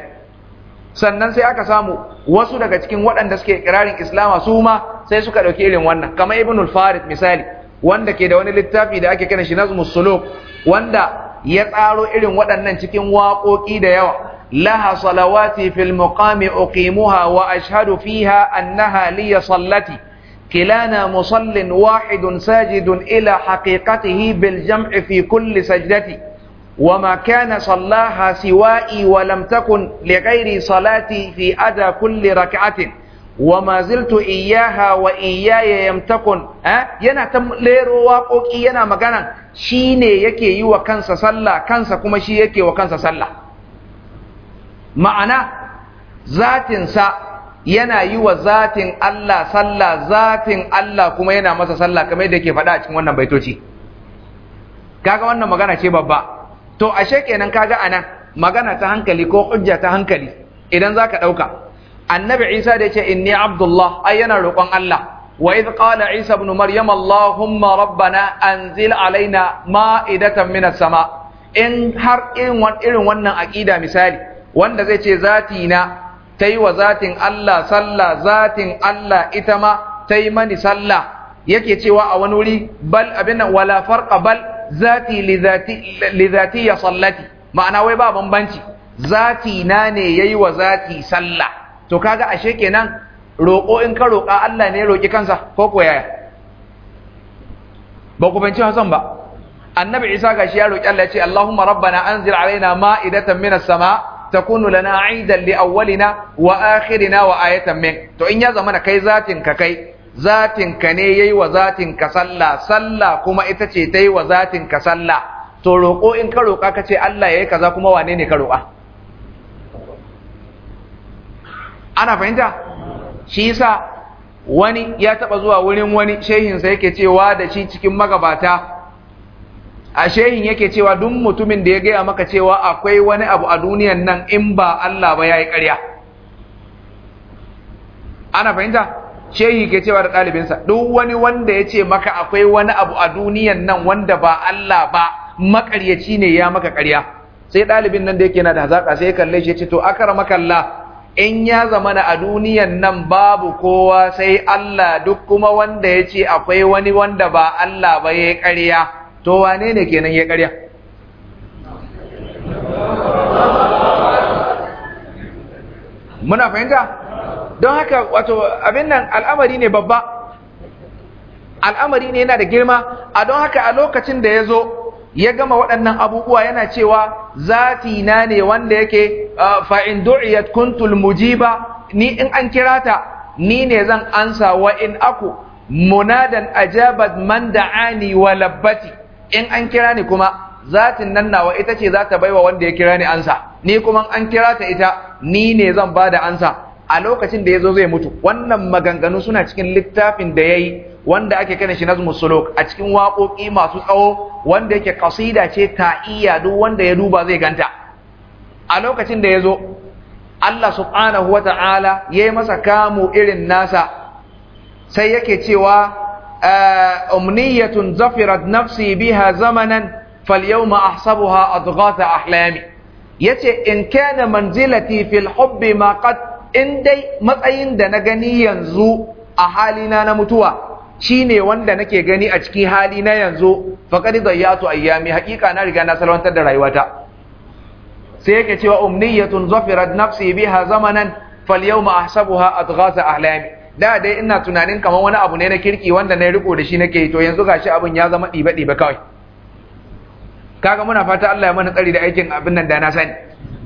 sannan sai aka samu wasu daga cikin waɗanda suke ƙirarin islama su ma sai suka ɗauki irin wannan kamar ibnul farid misali wanda ke da wani littafi da ake kiran shi nazmus suluk wanda ya tsaro irin waɗannan cikin waƙoƙi da yawa laha salawati fil muqami uqimuha wa ashhadu fiha annaha li sallati kilana musallin wahidun sajidun ila haqiqatihi bil jam'i fi kulli sajdati وما كان صلاها سوائي ولم تكن لغيري صلاتي في أدى كل ركعة wa ma ziltu iyaha wa iyaya yamtakun yana ta lero waƙoƙi yana magana shi ne yake yi wa kansa sallah kansa kuma shi yake wa kansa sallah ma'ana zatinsa yana yi wa zatin Allah sallah zatin Allah kuma yana masa sallah kamar yadda yake faɗa a cikin wannan baitoci kaga wannan magana ce babba to ashe kenan kaga anan magana ta hankali ko hujja ta hankali idan zaka ɗauka annabi isa da ce inni abdullah ai yana roƙon Allah wa idh qala isa ibn maryam allahumma rabbana anzil alaina ma'idatan minas sama in har irin wannan aqida misali wanda zai ce zati na tai wa zatin Allah sallah zatin Allah ita ma tai mani sallah yake cewa a wani wuri bal abin wala farqa bal zati li zati li zati ya sallati ma'ana wai ba bambanci zati na ne yayi wa zati sallah to kaga ashe kenan roƙo in ka roƙa Allah ne roƙi kansa ko ko yaya ba ku banci Hassan ba annabi Isa gashi ya roƙi Allah ya ce Allahumma rabbana anzil alaina ma'idatan minas sama takunu lana aidan li awwalina wa akhirina wa ayatan min to in ya zama kai zatin ka kai zatin ka ne yayi wa zatin ka sallah sallah kuma ita ce tayi wa zatin ka sallah to roƙo in ka roƙa ka ce Allah yayi kaza kuma wane ne ka roƙa ana fahimta shi yasa wani ya taba zuwa wurin wani shehin sa yake cewa da shi cikin magabata a shehin yake cewa duk mutumin da ya gaya maka cewa akwai wani abu a duniyan nan in ba Allah ba yayi ƙarya ana fahimta shehi ke cewa da sa duk wani wanda ya ce maka akwai wani abu a duniyan nan wanda ba Allah ba makaryaci ne ya maka ƙarya sai ɗalibin nan da yake na da hazaƙa sai ya kalle shi ya ce to akara makalla in ya zama a duniyan nan babu kowa sai Allah duk kuma wanda ya ce akwai wani wanda ba Allah ba ya ƙarya to wane ne kenan ya ƙarya muna fahimta don haka wato abin nan al'amari ne babba al'amari ne yana da girma a don haka a lokacin da ya zo ya gama waɗannan abubuwa yana cewa zati na ne wanda yake ah, fa in du'iyat kuntul mujiba ni in an kira ta ni ne zan ansa wa in aku munadan ajabat man da'ani wa labbati in an kira ni kuma zatin nan nawa ita ce za ta baiwa wanda ya kira ni ansa ni kuma an kira ta ita ni ne zan ba da ansa a lokacin da ya zo zai mutu wannan maganganu suna cikin littafin da ya yi wanda ake kiran shi nazmu suluk a cikin waƙoƙi masu tsawo wanda yake kasida ce ta iya duk wanda ya duba zai ganta a lokacin da ya zo Allah subhanahu wata'ala ya yi masa kamu irin nasa sai yake cewa eh, umniyatun zafirat nafsi biha zamanan falyawma ahsabuha adghatha ahlami yace in kana manzilati fil hubbi ma qad in dai matsayin da na gani yanzu a halina na mutuwa Shi ne wanda nake gani a cikin hali na yanzu faqad ayyami haƙiƙa na riga na salwantar da rayuwata sai yake cewa umniyatun zafirat nafsi biha zamanan falyawma ahsabuha a ahlami da dai ina tunanin kamar wani abu ne na kirki wanda na riko da shi nake to yanzu gashi abin ya zama dibe dibe kawai kaga muna fata Allah ya mana tsari da aikin abin nan da na sani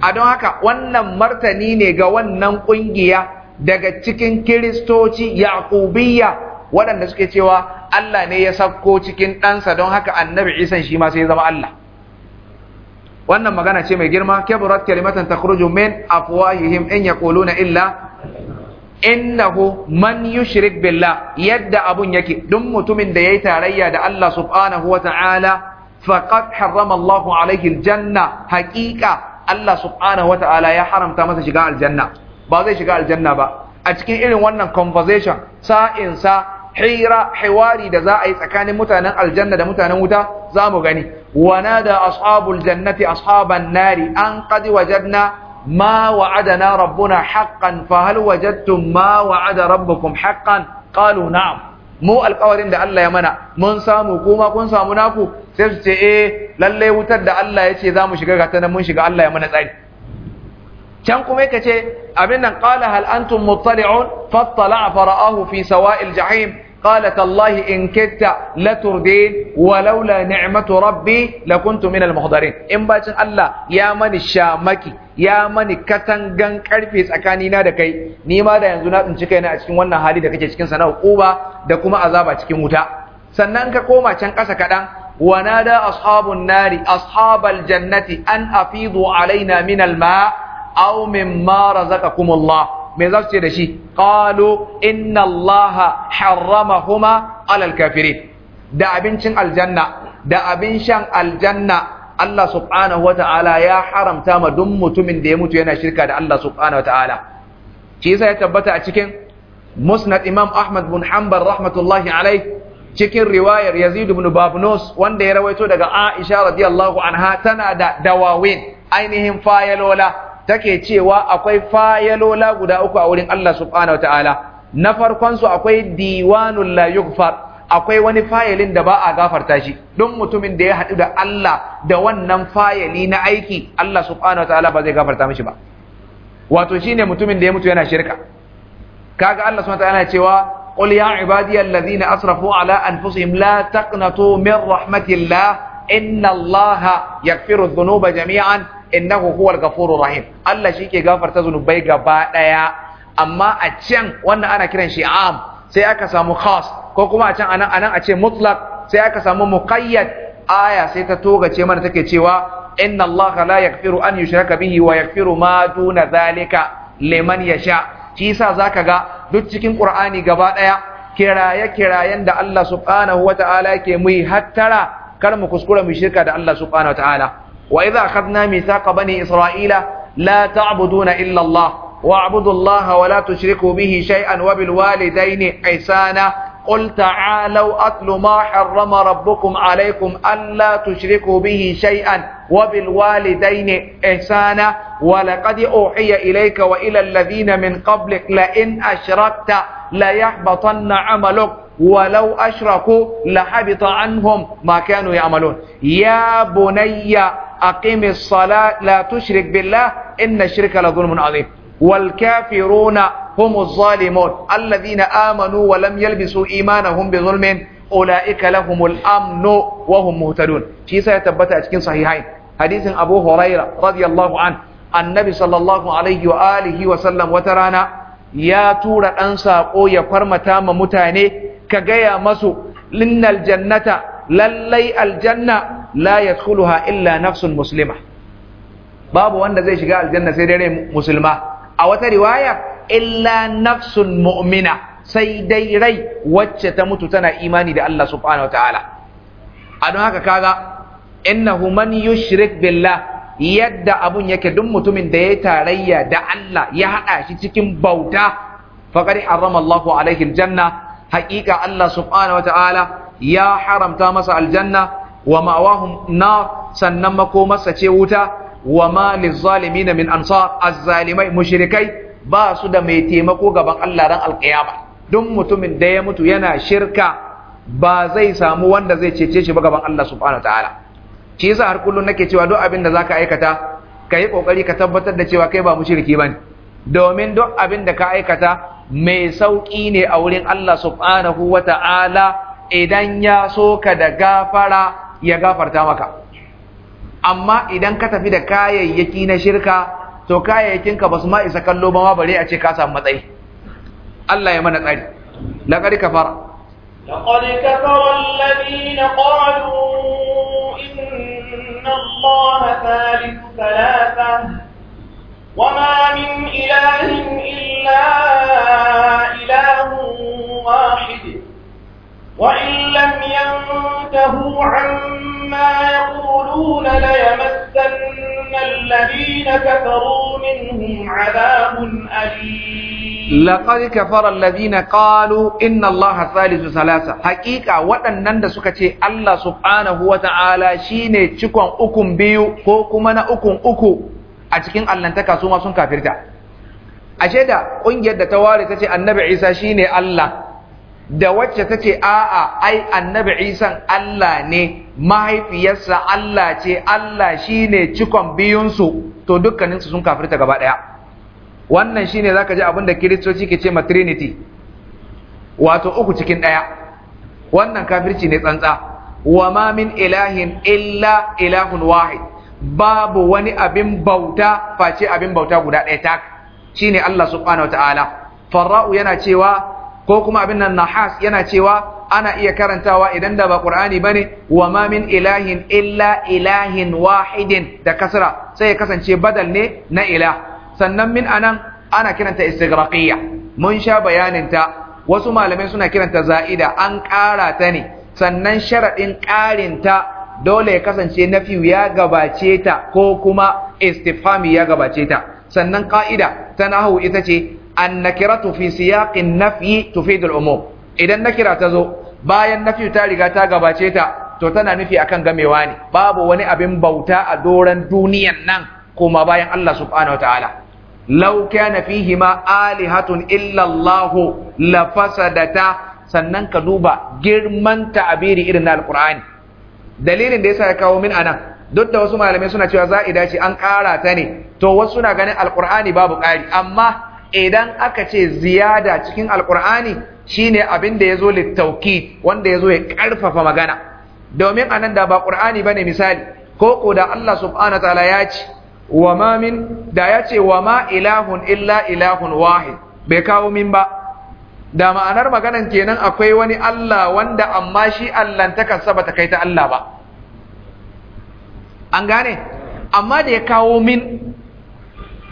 a don haka wannan martani ne ga wannan ƙungiya daga cikin kiristoci yaqubiyya waɗanda suke cewa Allah ne ya sauko cikin ɗansa don haka annabi isan shi ma sai zama Allah wannan magana ce mai girma kabarat kalimatan takhruju min afwahihim in yaquluna illa innahu man yushrik billah yadda abun yake duk mutumin da yayi tarayya da Allah subhanahu wata'ala faqad harrama Allahu alaihi aljanna haqiqa Allah subhanahu ta'ala ya haramta masa shiga aljanna ba zai shiga aljanna ba a cikin irin wannan conversation sa'insa hira hiwari da za a yi tsakanin mutanen aljanna da mutanen wuta za mu gani wanada ashabul jannati ashaban nari an qad wajadna ma wa'adana rabbuna haqqan fa hal wajadtum ma wa'ada rabbukum haqqan qalu na'am mu alƙawarin da Allah ya mana mun samu kuma kun samu naku sai su ce eh lalle wutar da Allah ya ce za mu shiga gata nan mun shiga Allah ya mana tsari can kuma yake ce abin nan qala hal antum muttali'un fattala fara'ahu fi sawa'il jahim قال تالله إن كدت لتردين ولولا نعمة ربي لكنت من المحضرين إن باتن الله يا من الشامكي يا من كتنغن كرفي سكانينا دكي نيما دا ينزونا انشكينا اتكين وانا حالي دكي اتكين سنة وقوبة دكما عذاب اتكين متاع sannan ka koma can ƙasa kaɗan wanada ashabun nari ashabal jannati an afidu alaina min alma aw mimma razaqakumullah me za su ce da shi ƙalu inna allaha huma alal kafirin da abincin aljanna da abin shan aljanna Allah subhanahu wata'ala ya haramta ma duk mutumin da ya mutu yana shirka da Allah subhanahu wata'ala shi yasa ya tabbata a cikin musnad imam ahmad bin hanbal rahmatullahi alai cikin riwayar yazid ibn babnus wanda ya rawaito daga aisha radiyallahu anha tana da dawawin ainihin fayalola take cewa akwai fayalola guda uku a wurin Allah subhanahu wataala na farkon su akwai diwanul la yughfar akwai wani fayalin da ba a gafarta shi don mutumin da ya haɗu da Allah da wannan fayali na aiki Allah subhanahu wataala ba zai gafarta mishi ba wato shine mutumin da ya mutu yana shirka kaga Allah subhanahu wataala cewa قل يا عبادي الذين أسرفوا على أنفسهم لا تقنطوا من رحمة الله إن الله يغفر الذنوب جميعا innahu huwal ghafurur rahim Allah shike gafarta zunubai gaba daya amma a can wannan ana kiran shi am sai aka samu khas ko kuma a can anan anan a ce mutlaq sai aka samu muqayyad aya sai ta togace mana take cewa inna allaha la yaghfiru an yushraka bihi wa yaghfiru ma duna zalika liman yasha shi yasa zaka ga duk cikin qur'ani gaba daya kiraye kirayen da Allah subhanahu wataala yake mu hattara kar mu kuskura mu shirka da Allah subhanahu wataala وإذا أخذنا ميثاق بني إسرائيل لا تعبدون إلا الله واعبدوا الله ولا تشركوا به شيئا وبالوالدين إحسانا قل تعالوا أتل ما حرم ربكم عليكم ألا تشركوا به شيئا وبالوالدين إحسانا ولقد أوحي إليك وإلى الذين من قبلك لئن أشركت ليحبطن عملك ولو أشركوا لحبط عنهم ما كانوا يعملون يا بني أقم الصلاة لا تشرك بالله إن الشرك لظلم عظيم والكافرون هم الظالمون الذين آمنوا ولم يلبسوا إيمانهم بظلم أولئك لهم الأمن وهم مهتدون شيء سيتبت أشكين صحيحين حديث أبو هريرة رضي الله عنه النبي صلى الله عليه وآله وسلم وترانا يا تورا أنسى أو يفرمتا متاني ka gaya masu linnal jannata lallai aljanna la yadkhuluha illa nafsun musulma. babu wanda zai shiga aljanna sai dai musulma a wata riwaya illa nafsun mu'mina sai dai rai wacce ta mutu tana imani da Allah subhanahu wataala a don haka kaga innahu man yushrik billah yadda abun yake duk mutumin da ya tarayya da Allah ya haɗa shi cikin bauta faqad harrama Allahu alaihi aljanna haƙiƙa Allah subhanahu wataala ya haramta masa aljanna wa ma'awahum na sannan makomarsa ce wuta wa ma lizzalimin min ansar azzalimai mushrikai ba su da mai taimako gaban Allah ran alƙiyama duk mutumin da ya mutu yana shirka ba zai samu wanda zai cece shi ba gaban Allah subhanahu wataala shi yasa har kullun nake cewa duk abin da zaka aikata ka yi kokari ka tabbatar da cewa kai ba mushriki bane domin duk abin da ka aikata mai sauƙi ne a wurin Allah subhanahu wa ta'ala idan ya so ka da gafara ya gafarta maka amma idan ka tafi da kayayyaki na shirka to kayayyakinka ba su ma isa kallo ba ma bare a ce ka samu matsayi Allah ya mana tsari laqad kafara laqad kafara alladhina qalu inna allaha thalithu thalatha وما من إله إلا إله واحد وإن لم ينتهوا عما يقولون ليمسن الذين كفروا منهم عذاب أليم لقد كفر الذين قالوا إن الله ثالث ثلاثة حقيقة وأننا سكتي الله سبحانه وتعالى شيني تشكوان أكم بيو كوكمنا أكم أكو a cikin allantaka su ma sun kafirta ashe da ƙungiyar da ta ware ta ce annabi isa shi ne allah da wacce ta ce a'a ai annabi isan allah ne mahaifiyarsa allah ce allah shi ne cikon biyunsu to dukkaninsu sun kafirta gaba ɗaya wannan shi ne za ka ji abin da kiristoci ke ce ma trinity wato uku cikin ɗaya wannan kafirci ne tsantsa wa ma min ilahin illa ilahun wahid babu wani abin bauta face abin bauta guda ɗaya tak shine Allah subhanahu wataala farra'u yana cewa ko kuma abin nan nahas yana cewa ana iya karantawa idan da ba ƙur'ani bane wa ma min ilahin illa ilahin wahidin da kasra sai ya kasance badal ne na ilah sannan min anan ana kiranta istighraqiyya mun sha bayanin ta wasu malamai suna kiranta za'ida an ƙara ta ne sannan sharaɗin ƙarinta. dole ya kasance nafiu ya gabace ta ko kuma istifhami ya gabace ta sannan ka'ida ta nahawu ita ce annakiratu fi siyaqin nafyi tufidul umum idan nakira ta zo bayan nafiu ta riga ta gabace ta to tana nufi akan gamewa ne babu wani abin bauta a doran duniyan nan kuma bayan Allah subhanahu wataala law kana fihima alihatun illa Allah la fasadata sannan ka duba girman ta'abiri irin na alqur'ani dalilin da yasa ya kawo min anan duk da wasu malamai suna cewa za'ida ce an ƙara ta ne to wasu suna ganin alƙur'ani babu ƙari amma idan aka ce ziyada cikin alƙur'ani shine abin da yazo litaukid wanda yazo ya karfafa magana domin anan da ba ƙur'ani bane misali ko ko da Allah subhanahu ta'ala ya ce wa ma min da ya ce wa ma ilahun illa ilahun wahid bai kawo min ba da ma'anar maganan kenan akwai wani Allah wanda amma shi allantakarsa ba ta kai ta Allah ba an gane amma da ya kawo min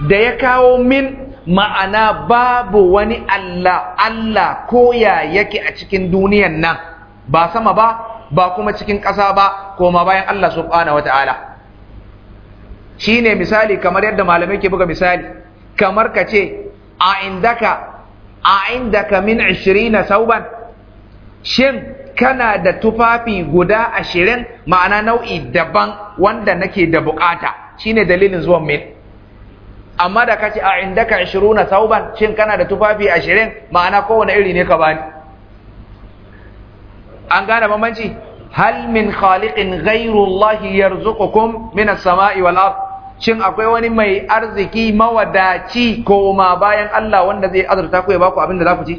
da ya kawo min ma'ana babu wani Allah Allah ya yake a cikin duniyan nan ba sama ba ba kuma cikin ƙasa ba koma bayan Allah subhanahu wata'ala shine misali kamar yadda malamai ke buga misali kamar ka ce a indaka a inda ka min na sauban shin kana da tufafi guda ashirin ma'ana nau'i daban wanda nake da bukata shine dalilin zuwan min amma da kace a inda ka na sauban shin kana da tufafi ashirin ma'ana kowane iri ne ka bani an gane bambanci hal min khaliqin ghairullahi yarzuqukum minas sama'i wal ardh shin akwai wani mai arziki mawadaci koma bayan Allah wanda zai azurta ku ya baku abin da za ku ci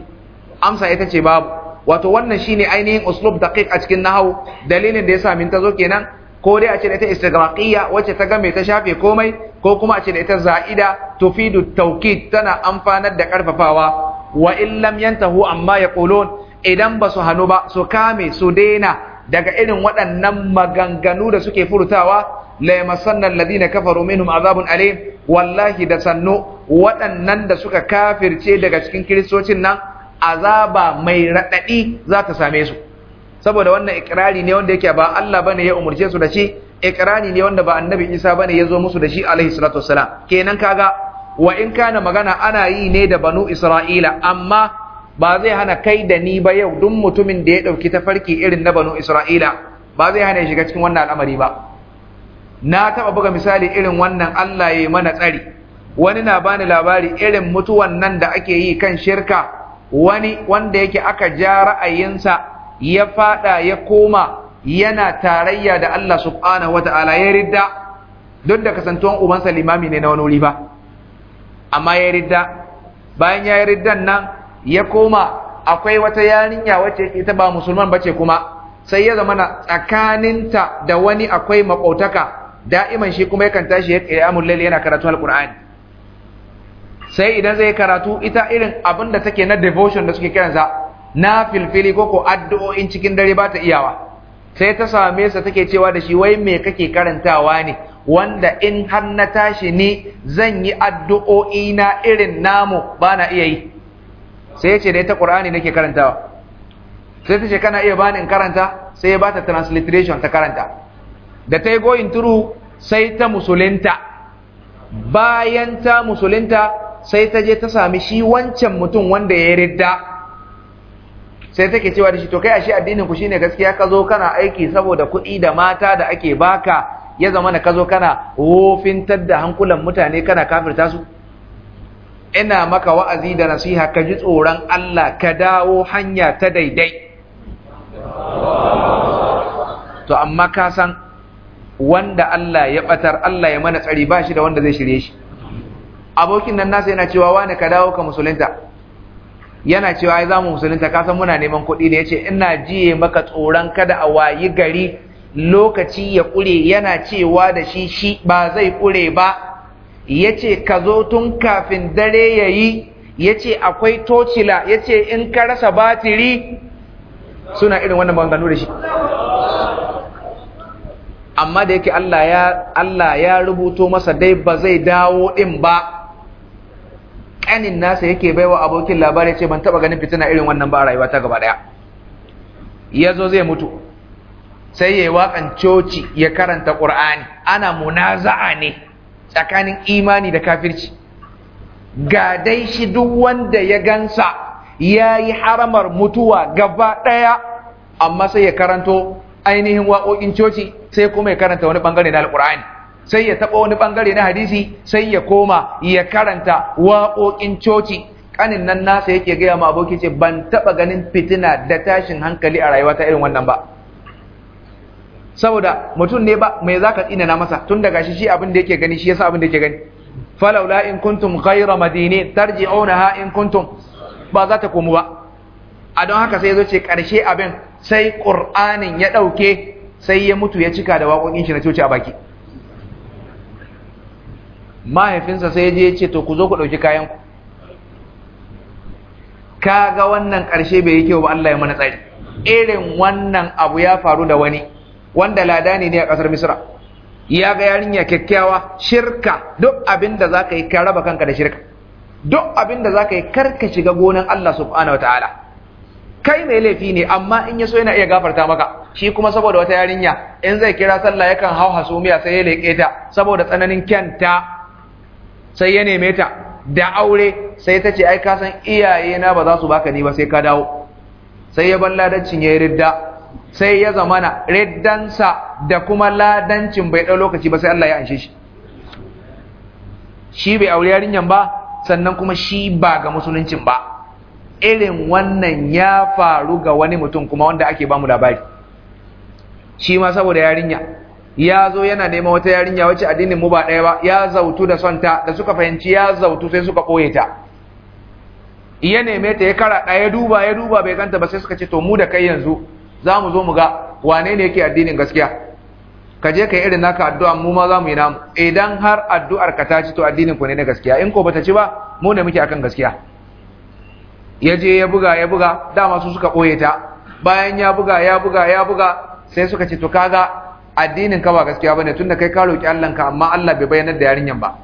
amsa ita ce babu wato wannan shine ainihin uslub daqiq a cikin nahwu dalilin da yasa min ta zo kenan ko dai a ce da ita istigraqiyya wacce ta game ta shafe komai ko kuma a ce da ita za'ida tufidu tawkid tana amfanar da karfafawa wa in lam yantahu amma yaqulun idan ba su hanu ba su kame su daina daga irin waɗannan maganganu da suke furtawa la yamassanna alladhina kafaru minhum azabun alim wallahi da sannu waɗannan da suka kafirce daga cikin kiristocin nan azaba mai raɗaɗi za ta same su saboda wannan ikirari ne wanda yake ba Allah bane ya umurce su da shi ikirari ne wanda ba annabi Isa bane ya zo musu da shi alaihi salatu wassalam kenan kaga wa in kana magana ana yi ne da banu Isra'ila amma ba zai hana kai da ni ba yau duk mutumin da ya ɗauki tafarki irin na banu isra'ila ba zai hana ya shiga cikin wannan al'amari ba na taɓa buga misali irin wannan allah ya mana tsari wani na bani labari irin mutuwan nan da ake yi kan shirka wani wanda yake aka ja ra'ayinsa ya faɗa ya koma yana tarayya da allah subhanahu wata'ala ya ridda duk da kasantuwan ubansa limami ne na wani wuri ba amma ya ridda bayan ya yi nan ya koma akwai wata yarinya wacce ta ba musulman bace kuma sai ya zama na tsakaninta da wani akwai makautaka da'iman shi kuma yakan tashi ya qiyamul layl yana karatu alquran sai idan zai karatu ita irin abin da take na devotion da suke kiransa na filfili ko ko addu'o'in cikin dare ba ta iyawa sai ta same sa take cewa da shi wai me kake karantawa ne wanda in har na tashi ni zan yi addu'o'ina irin namu Bana iya yi sai ya ce da ita ƙura'ani nake karantawa sai ta ce kana iya ni in karanta sai ya bata transliteration ta karanta da ta yi goyin turu sai ta musulinta bayan ta musulunta sai ta je ta sami shi wancan mutum wanda ya ridda sai take cewa da shi to kai ashe addinin ku shine gaskiya ka zo kana aiki saboda kuɗi da mata da ake baka ya zama na ka zo kana wofintar da hankulan mutane kana kafirta su ina maka wa'azi da nasiha ka ji tsoron Allah ka dawo hanya ta daidai to amma ka san wanda Allah ya batar Allah ya mana tsari ba shi da wanda zai shirye shi abokin nan nasa yana cewa wani ka dawo ka musulunta yana cewa ai zamu musulunta ka san muna neman kuɗi ne yace ina jiye maka tsoron kada a wayi gari lokaci ya ƙure yana cewa da shi shi ba zai ƙure ba ya ce ka zo tun kafin dare ya yi ya ce akwai tocila ya ce in ka rasa batiri suna irin wannan bangano da shi amma da yake Allah ya Allah rubuto masa dai ba zai dawo din ba Ƙanin nasa yake baiwa abokin labari ce ban taba ganin fitina irin wannan ba rayuwa ta gaba daya yazo zai mutu sai yayi waƙan coci ya karanta Ƙur'ani. ana munaza'a ne tsakanin imani da kafirci ga dai shi duk wanda ya gansa ya yi haramar mutuwa gaba ɗaya amma sai ya karanto ainihin waƙoƙin coci sai kuma ya karanta wani ɓangare na alƙur'ani sai ya taɓa wani ɓangare na hadisi sai ya koma ya karanta waƙoƙin coci Ƙanin nan nasa yake gaya ma aboki ce ban taɓa ganin fitina da tashin hankali a rayuwa ta irin wannan ba saboda mutum ne ba mai zaka tsina na masa tun daga shi shi abin da yake gani shi yasa abin da yake gani falaula in kuntum ghayra madinin tarji'unaha in kuntum ba za ta komu ba a don haka sai yazo ce karshe abin sai qur'anin ya dauke sai ya mutu ya cika da waƙoƙin shi na coci a baki mahaifinsa sai je ya ce to ku zo ku dauki kayan ku kaga wannan karshe bai yi kyau ba Allah ya mana tsari irin wannan abu ya faru da wani wanda lada ne ne a kasar misra ya ga yarinya kyakkyawa shirka duk abin da za ka yi ka raba kanka da shirka duk abin da za ka yi kar ka shiga gonan Allah subhanahu wataala kai mai laifi ne amma in ya so yana iya gafarta maka shi kuma saboda wata yarinya in zai kira sallah yakan hau hasumiya sai ya leƙe ta saboda tsananin kyanta sai ya neme ta da aure sai ta ce ai ka san iyayena ba za su baka ni ba sai ka dawo sai ya balla daccin ya yi ridda sai ya zamana redansa, da kuma ladancin bai ɗau lokaci ba sai Allah ya anshe shi shi bai aure yarinyan ba sannan kuma shi ba ga musuluncin ba irin wannan ya faru ga wani mutum kuma wanda ake ba mu labari shi ma saboda yarinya ya zo yana neman wata yarinya wacce addinin mu ba ɗaya ba ya zautu da son ta da suka fahimci ya zautu sai suka ɓoye ta ya neme ta ya kara ɗaya duba ya duba bai ganta ba sai suka ce to mu da kai yanzu za mu zo mu ga wane ne yake addinin gaskiya ka je ka yi irin naka addu'a mu ma za mu yi namu idan har addu'ar ka ta ci to addinin ku ne na gaskiya in ko bata ci ba mu ne muke akan gaskiya ya je ya buga ya buga dama su suka koye ta bayan ya buga ya buga ya buga sai suka ce to kaga addinin ka ba gaskiya bane tunda kai ka roki Allah ka amma Allah bai bayyana da yarinyan ba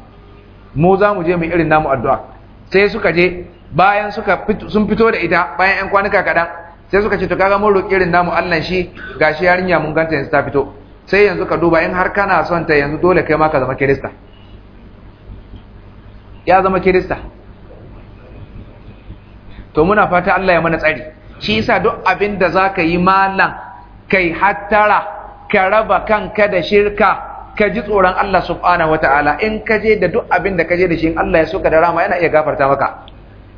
mu za mu je mu irin namu addu'a sai suka je bayan suka sun fito da ita bayan 'yan kwanuka kaɗan sai suka ce to kaga mun roƙi irin namu Allah shi gashi yarinya mun ganta yanzu ta fito sai yanzu ka duba in har kana son ta yanzu dole kai ma ka zama kirista ya zama kirista to muna fata Allah ya mana tsari shi yasa duk abin da zaka yi malam kai hattara ka raba kanka da shirka ka ji tsoron Allah subhanahu wataala in ka je da duk abin da ka je da shi in Allah ya so ka da rama yana iya gafarta maka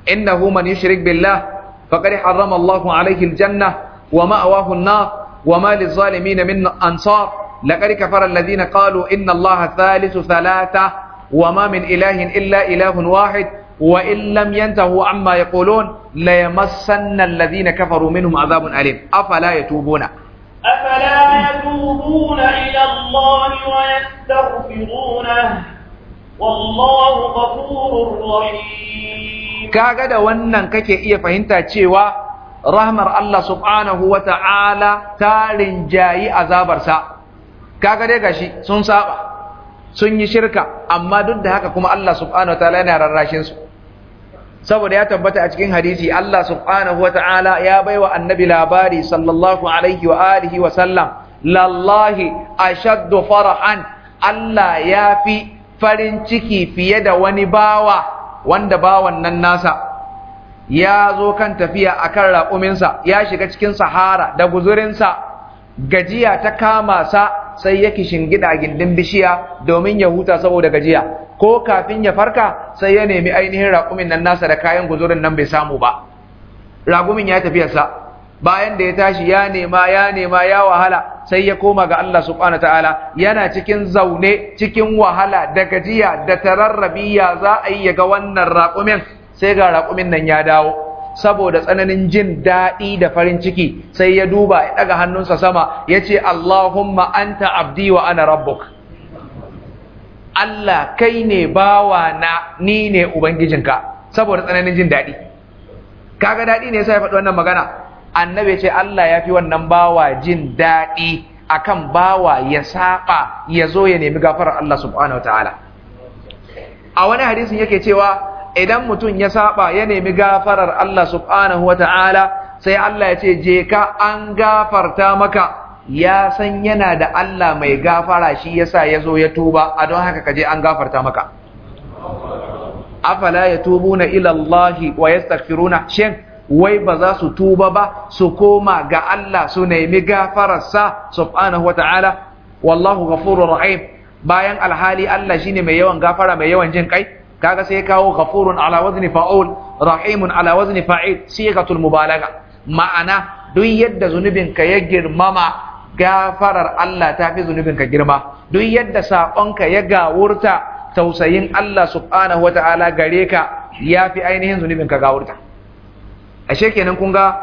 innahu man yushrik billah فقد حرم الله عليه الجنة ومأواه النار وما للظالمين من أنصار لقد كفر الذين قالوا إن الله ثالث ثلاثة وما من إله إلا إله واحد وإن لم ينتهوا عما يقولون ليمسن الذين كفروا منهم عذاب أليم أفلا يتوبون أفلا يتوبون إلى الله ويستغفرونه والله غفور رحيم kaga da wannan kake iya fahimta cewa rahmar Allah subhanahu wa ta'ala ta rinjayi azabarsa kaga dai gashi sun saba sun yi shirka amma duk da haka kuma Allah subhanahu wa ta'ala yana rarrashin su saboda ya tabbata a cikin hadisi Allah subhanahu wa ta'ala ya baiwa annabi labari sallallahu alaihi wa alihi wa sallam lallahi ashaddu farahan Allah ya fi farin ciki fiye da wani bawa wanda bawan nan nasa ya zo kan tafiya akan raƙuminsa ya shiga cikin sahara da guzurinsa gajiya ta kama sa sai ya gida gindin bishiya domin ya huta saboda gajiya ko kafin ya farka sai ya nemi ainihin raƙumin nan nasa da kayan guzurin nan bai samu ba raƙumin ya tafiyarsa bayan da ya tashi ya nema ya nema ya wahala sai ya koma ga Allah subhanahu ta'ala yana cikin zaune cikin wahala da gajiya da tararrabi ya za a yi ya ga wannan raƙumin sai ga raƙumin nan ya dawo saboda tsananin jin daɗi da farin ciki sai ya duba ya ɗaga hannunsa sama ya ce Allahumma anta abdi wa ana rabbuk Allah kai ne bawa na ni ne ubangijinka saboda tsananin jin daɗi kaga daɗi ne sai ya faɗi wannan magana annabi ce Allah ya fi wannan bawa jin daɗi akan bawa ya saba ya zo ya nemi gafarar Allah subhanahu wa ta'ala a wani hadisin yake cewa idan mutum ya saɓa ya nemi gafarar Allah subhanahu wa ta'ala sai Allah ya ce je ka an gafarta maka ya san yana da Allah mai gafara shi yasa ya zo ya tuba a don haka kaje an gafarta maka afala ya tubuna ila Allah wa yastaghfiruna shin wai ba za su tuba ba su koma ga Allah su nemi gafararsa subhanahu wata'ala wallahu ghafurur rahim bayan alhali Allah shine mai yawan gafara mai yawan jin kai kaga sai kawo ghafurun ala wazni fa'ul rahimun ala wazni fa'il sigatul mubalaga ma'ana duk yadda zunubin ka ya girmama gafarar Allah ta fi zunubin ka girma duk yadda saƙonka ya gawurta tausayin Allah subhanahu wata'ala gare ka ya fi ainihin zunubin ka gawurta ashe kenan kun ga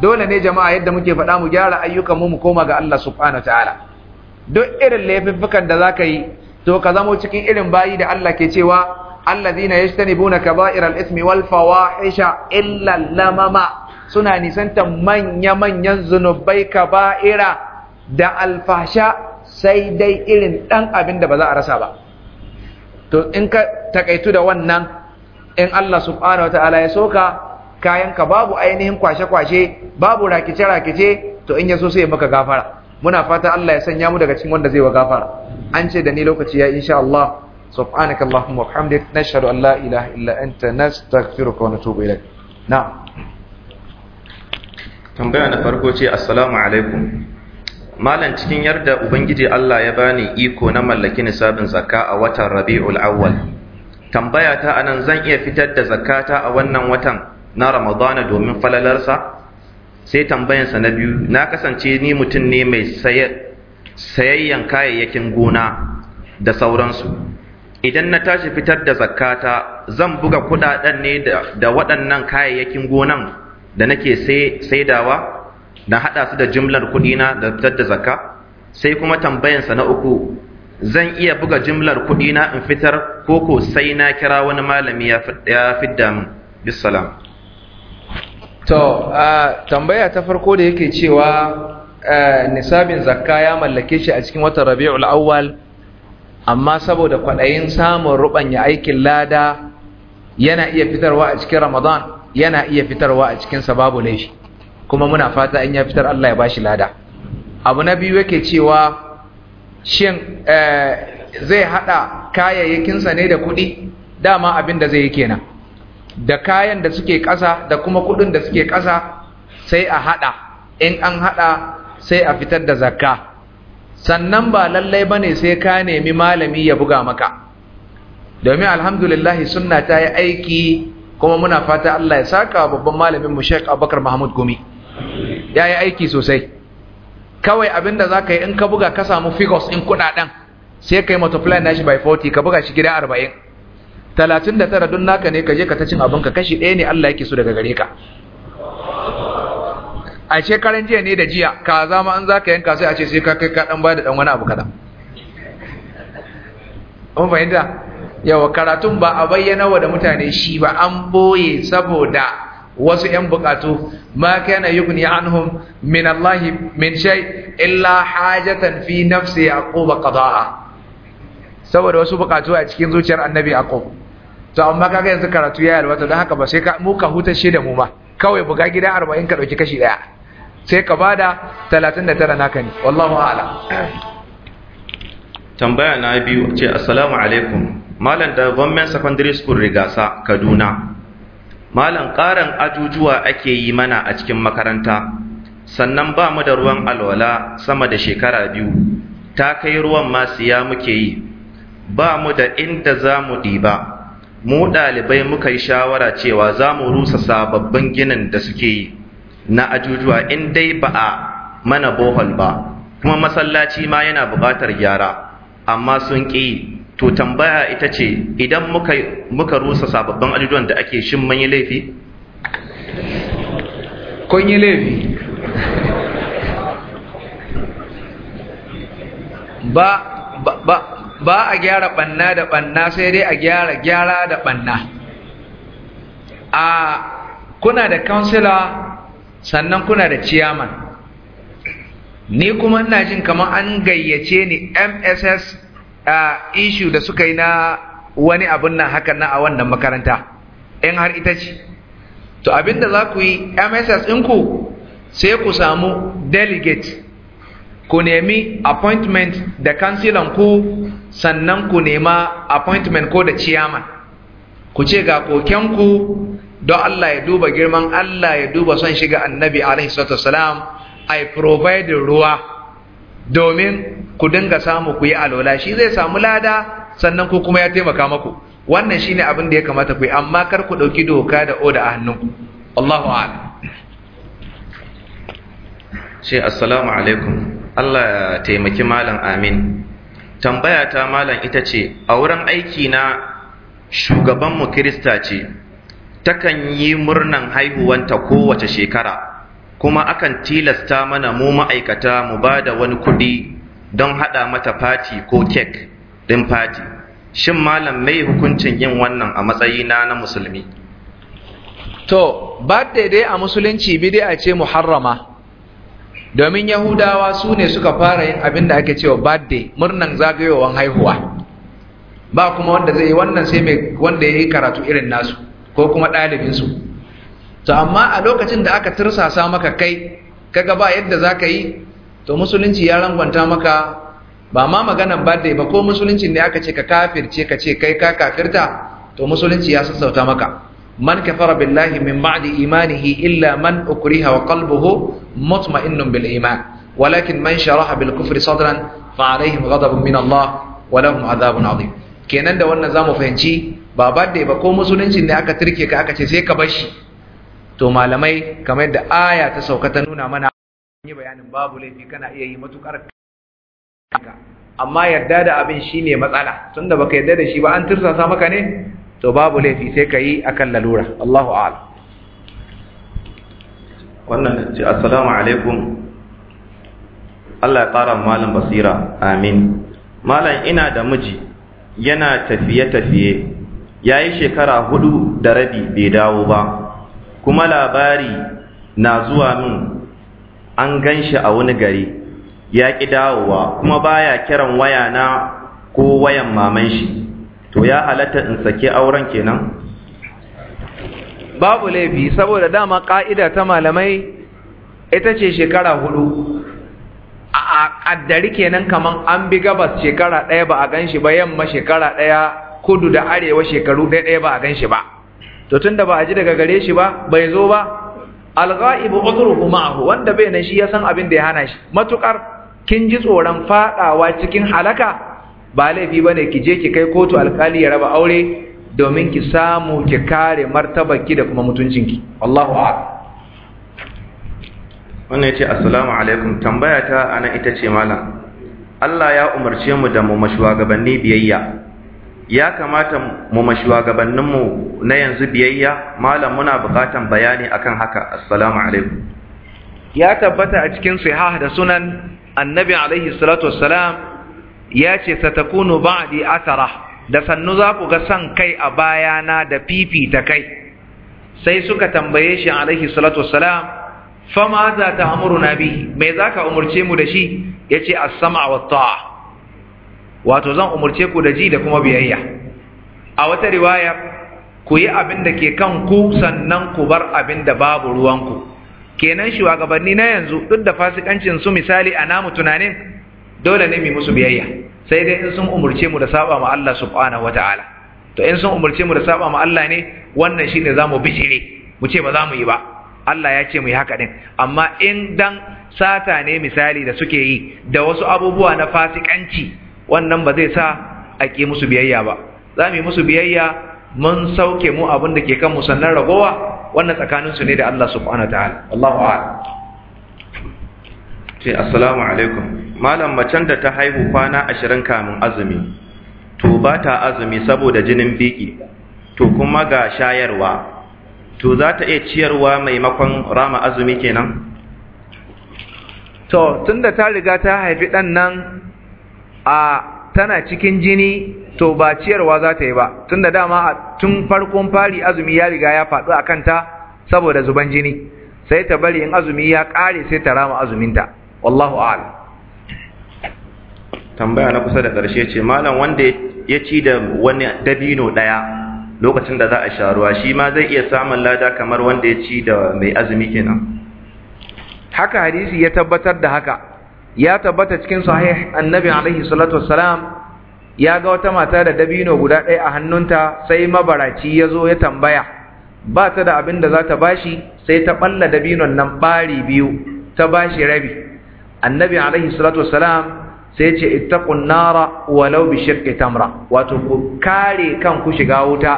dole ne jama'a yadda muke faɗa mu gyara ayyukan mu mu koma ga Allah subhanahu ta'ala duk irin laifuffukan da zaka yi to ka zamo cikin irin bayi da Allah ke cewa allazina yastanibuna al ismi wal fawahisha illa lamama suna nisanta manya manyan zunubai kaba'ira da alfasha sai dai irin dan abin da ba za a rasa ba to in ka takaitu da wannan in Allah subhanahu wataala ya soka kayanka babu ainihin kwashe-kwashe babu rakice-rakice to in ya so sai maka gafara muna fata Allah ya sanya mu daga cikin wanda zai wa gafara an ce da ni lokaci ya insha Allah subhanaka allahumma wa bihamdik nashhadu an la ilaha illa anta nastaghfiruka wa natubu ilaik na'am tambaya na farko ce assalamu alaikum malam cikin yarda ubangiji Allah ya bani iko na mallaki nisabin zakka a watan Rabiul Awwal tambaya ta anan zan iya fitar da zakata a wannan watan na ramadana domin falalarsa sai tambayansa na biyu na kasance ni mutum ne mai sayayyan kayayyakin gona da sauransu idan na tashi fitar da zakata zan buga kudaden ne da waɗannan kayayyakin gonan da nake saidawa na haɗa su da jimlar kuɗina da fitar da zakka sai kuma tambayansa na uku zan iya buga jimlar kuɗina in fitar koko. sai na kira wani malami ya fidda min bisalam to tambaya ta farko da yake cewa nisabin zakka ya mallake shi a cikin watan rabi'ul awwal amma saboda kwaɗayin samun rubanya aikin lada yana iya fitarwa a cikin ramadan yana iya fitarwa a cikin sababu laifi kuma muna fata in ya fitar Allah ya bashi lada abu na biyu yake cewa shin zai hada kayayyakinsa ne da kuɗi dama abin da zai yi kenan da kayan da suke ƙasa da kuma kuɗin da suke ƙasa sai a haɗa in an haɗa sai a fitar da zakka sannan ba lallai ba ne sai ka nemi malami ya buga maka domin alhamdulillahi sunna ta yi aiki kuma muna fata Allah ya saka babban malamin mu Sheikh Abubakar Mahmud Gumi ya yi aiki sosai kawai abinda za ka yi in ka buga ka samu figures in kuɗaɗen sai kai yi na shi by 40 ka buga shi gida 40 talatin da tara don naka ne ka je ka ta cin abinka kashi ɗaya ne Allah yake so daga gare ka a shekaran jiya ne da jiya ka zama an za ka yanka sai a ce sai ka kai ka ɗan ba da ɗan wani abu kaɗan fahimta yawa karatun ba a bayyana wa da mutane shi ba an boye saboda wasu 'yan buƙatu. ma kana yughni anhum min Allah min shay illa hajatan fi nafsi yaquba qada'a saboda wasu bukatu a cikin zuciyar annabi yaqub to amma kaga yanzu karatu ya yalwata don haka ba sai ka mu ka shi da mu ma kawai buga gida arba'in ka ɗauki kashi ɗaya, sai ka bada tara naka ne wallahu ala. tambaya na biyu ce assalamu alaikum malam da government secondary school rigasa kaduna malam karan ajujuwa ake yi mana a cikin makaranta sannan ba mu da ruwan alwala sama da shekara biyu ta kai ruwan ma siya muke yi ba mu da inda za mu ɗiba mu ɗalibai muka yi shawara cewa za mu rusa sababbin ginin da suke yi na ajujuwa in dai ba a mana bohol ba kuma masallaci ma yana buƙatar gyara amma sun ƙi to tambaya ita ce idan muka, muka rusa sababbin ajujuwan da ake shin manyi yi laifi kun yi laifi ba ba a gyara banna da banna sai dai a gyara gyara da banna a kuna da kansila sannan kuna da ciyaman ni kuma ina jin kamar an gayyace ni mss uh, issue da suka yi na wani abun nan hakan na a wannan makaranta in har ita ce to abinda za ku yi mss ɗinku sai ku samu delegate ku nemi appointment da kansilan ku sannan ku nema appointment ko da chairman ku ce ga ku don Allah ya duba girman Allah ya duba son shiga annabi alaihi salatu wasalam ai provide ruwa domin ku dinga samu ku yi alola shi zai samu lada sannan ku kuma ya taimaka maku wannan shine abin da ya kamata ku yi amma kar ku ɗauki doka da oda a hannunku Allahu a'lam shi assalamu alaikum Allah ya taimaki malam amin tambaya ta malam ita ce a wurin aiki na shugabanmu kirista ce takan yi murnan haihuwanta kowace shekara kuma akan tilasta mana mu ma'aikata mu ba da wani kuɗi don haɗa mata fati ko kek ɗin fati shin malam mai hukuncin yin wannan a matsayina na musulmi to birthday dai a musulunci a ce muharrama domin yahudawa su ne suka fara yin abin da ake cewa birthday murnan zagayowar haihuwa ba kuma wanda zai yi wannan sai mai wanda ya yi karatu irin nasu ko kuma ɗalibinsu to amma a lokacin da aka tursasa maka kai kaga ba yadda za ka yi to musulunci ya rangwanta maka ba ma maganan birthday ba ko musulunci ne aka ce ka kafirce ka ce kai ka kafirta to musulunci ya sassauta maka man kafara billahi min ba'di imanihi illa man ukriha wa qalbuhu mutma'innun bil iman walakin man sharaha bil kufri sadran fa alaihim ghadabun min Allah wa lahum adhabun adhim kenan da wannan zamu fahimci ba badde ba ko musulunci ne aka tirke ka aka ce sai ka bashi to malamai kamar da aya ta sauka ta nuna mana yi bayanin babu laifi kana iya yi matukar amma yarda da abin shi ne matsala tunda baka yarda da shi ba an tirsasa maka ne to babu laifi sai ka yi akan lalura Allahu a'ala wannan ce assalamu alaikum Allah ya ƙara malam basira amin malam ina da miji yana tafiye-tafiye ya yi shekara hudu da rabi bai dawo ba kuma labari na zuwa min an gan shi a wani gari ya ƙi dawowa kuma baya kiran waya na ko wayan maman shi to ya halatta in sake auren kenan babu laifi saboda dama ka'ida ta malamai ita ce shekara hudu a kaddari kenan kaman an bi gabas shekara ɗaya ba a gan shi ba yamma shekara ɗaya kudu da arewa shekaru ɗaya ɗaya ba a gan shi ba to tun ba a ji daga gare shi ba bai zo ba alghaibu udruhu ma'ahu wanda bai nan shi ya san abin da ya hana shi matukar kin ji tsoron fadawa cikin halaka ba laifi ba ne ki je ki kai kotu alkali ya raba aure domin ki samu ki kare martabarki da kuma mutuncinki Allahu a'lam wannan yace assalamu alaikum tambaya ta ana ita ce malam Allah ya umarce mu da mu mashuwagabanni biyayya ya kamata mu mashuwagabanninmu mu na yanzu biyayya malam muna buƙatan bayani akan haka assalamu alaikum ya tabbata a cikin sahih da sunan annabi alaihi salatu wassalam ya ce satakunu ba'di asara da sannu za ku ga san kai a bayana da fifita kai sai suka tambaye shi alaihi salatu wassalam fama za ta na bihi mai za ka umurce mu da shi ya ce a sama wa ta'a wato zan umarce ku da ji da kuma biyayya a wata riwaya ku yi abin da ke kan ku sannan ku bar abin da babu ruwanku kenan gabanni na yanzu duk da fasikancin su misali a namu tunanin dole ne mu musu biyayya sai dai in sun umurce mu da saba ma Allah subhanahu wataala to in sun umurce mu da saba ma Allah ne wannan shine zamu bijire mu ce ba za mu yi ba Allah ya ce mu yi haka din amma in dan sata ne misali da suke yi da wasu abubuwa na fasikanci wannan ba zai sa a ki musu biyayya ba za mu yi musu biyayya mun sauke mu abin da ke kan mu sannan ragowa wannan tsakaninsu ne da Allah subhanahu wataala Allahu a'lam ce assalamu alaikum malam macen da ta haihu kwana ashirin kamun azumi to ba ta azumi saboda jinin biki to kuma ga shayarwa to za ta iya ciyarwa maimakon rama azumi kenan to tunda ta riga ta haifi ɗan nan a tana cikin jini to ba ciyarwa za ta yi ba tunda dama tun farkon fari azumi ya riga ya faɗo a kanta saboda zuban jini sai ta bari in azumi ya ƙare sai ta rama azuminta wallahu a'lam tambaya na kusa da ƙarshe ce malam wanda ya ci da wani dabino ɗaya lokacin da za a sharuwa, shi ma zai iya samun lada kamar wanda ya ci da mai azumi kenan haka hadisi ya tabbatar da haka ya tabbata cikin sahih annabi alaihi salatu wassalam ya ga wata mata da dabino guda ɗaya a hannunta sai mabaraci ya zo ya tambaya ba ta da abin da za ta bashi sai ta ɓalla dabinon nan ɓari biyu ta bashi rabi annabi alaihi salatu wassalam sai ce ittaqun nara walau bi shirki tamra wato ku kare kan ku shiga wuta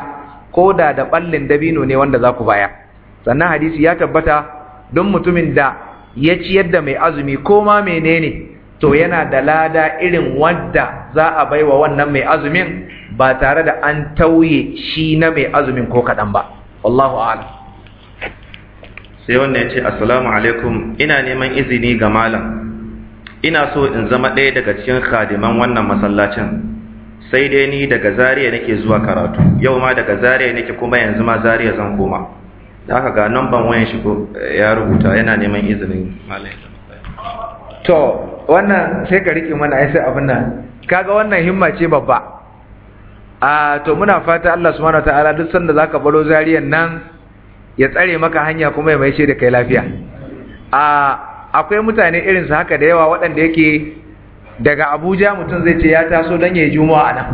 ko da ballin dabino ne wanda zaku baya sannan hadisi ya tabbata don mutumin da ya ciyar da mai azumi ko ma menene to yana da lada irin wanda za a baiwa wannan mai azumin ba tare da an tauye shi na mai azumin ko kaɗan ba wallahu a'lam sai wannan ya ce assalamu alaikum ina neman izini ga malam ina so in zama ɗaya daga cikin khadiman wannan masallacin sai dai ni daga zariya nake zuwa karatu yau ma daga zariya nake kuma yanzu ma zariya zan koma da aka ga namban wayan shigo eh, ya rubuta yana neman izinin malai to wannan sai ka rike mana ai sai abin nan kaga wannan himma ce babba a to muna fata Allah subhanahu wataala duk sanda zaka baro zariyan nan ya tsare maka hanya kuma ya maishe da kai lafiya a akwai mutane irin su haka da yawa waɗanda yake daga abuja mutum zai ce ya taso don ya yi juma'a nan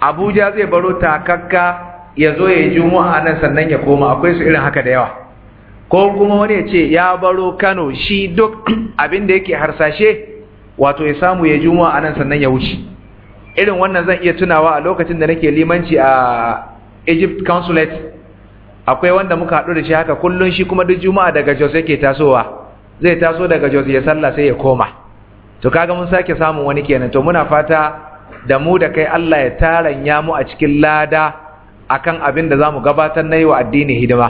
abuja zai baro takakka ya zo ya yi juma'a nan sannan ya koma akwai su irin haka da yawa ko kuma wani ya ce ya baro kano shi duk abin da yake harsashe wato ya samu ya juma'a nan sannan ya wuce irin wannan zan iya tunawa a lokacin da nake limanci a egypt consulate akwai wanda muka haɗu da shi haka kullun shi kuma duk juma'a daga jos yake tasowa zai taso daga jos ya sallah sai ya koma to kaga mun sake samun wani kenan to muna fata da mu da kai Allah ya taranya mu a cikin lada akan abin da zamu gabatar na yi addini hidima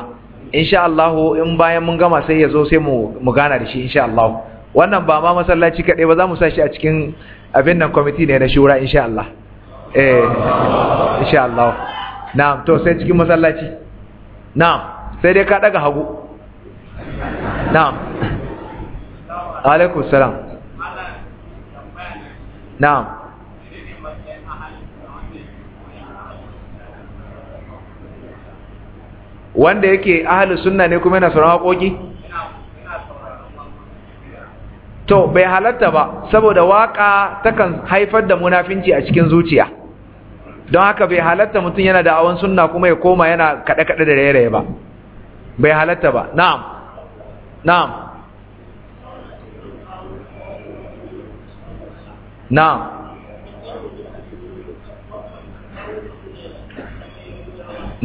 insha Allah in bayan mun gama sai ya zo sai mu mu gana da shi insha Allah wannan ba ma masallaci kaɗai ba za mu sa shi a cikin abin nan kwamiti ne na shura insha Allah eh insha Allah na'am to sai cikin masallaci na'am sai dai ka daga hagu na'am alaikum salam na'am wanda yake ahalin sunna ne kuma yana sauran haƙoƙi to bai halatta ba saboda waƙa takan haifar da munafinci a cikin zuciya don haka bai halatta mutum yana da awon sunna kuma ya koma yana kaɗe kaɗe da raye ba bai halatta ba na'am na'am na'am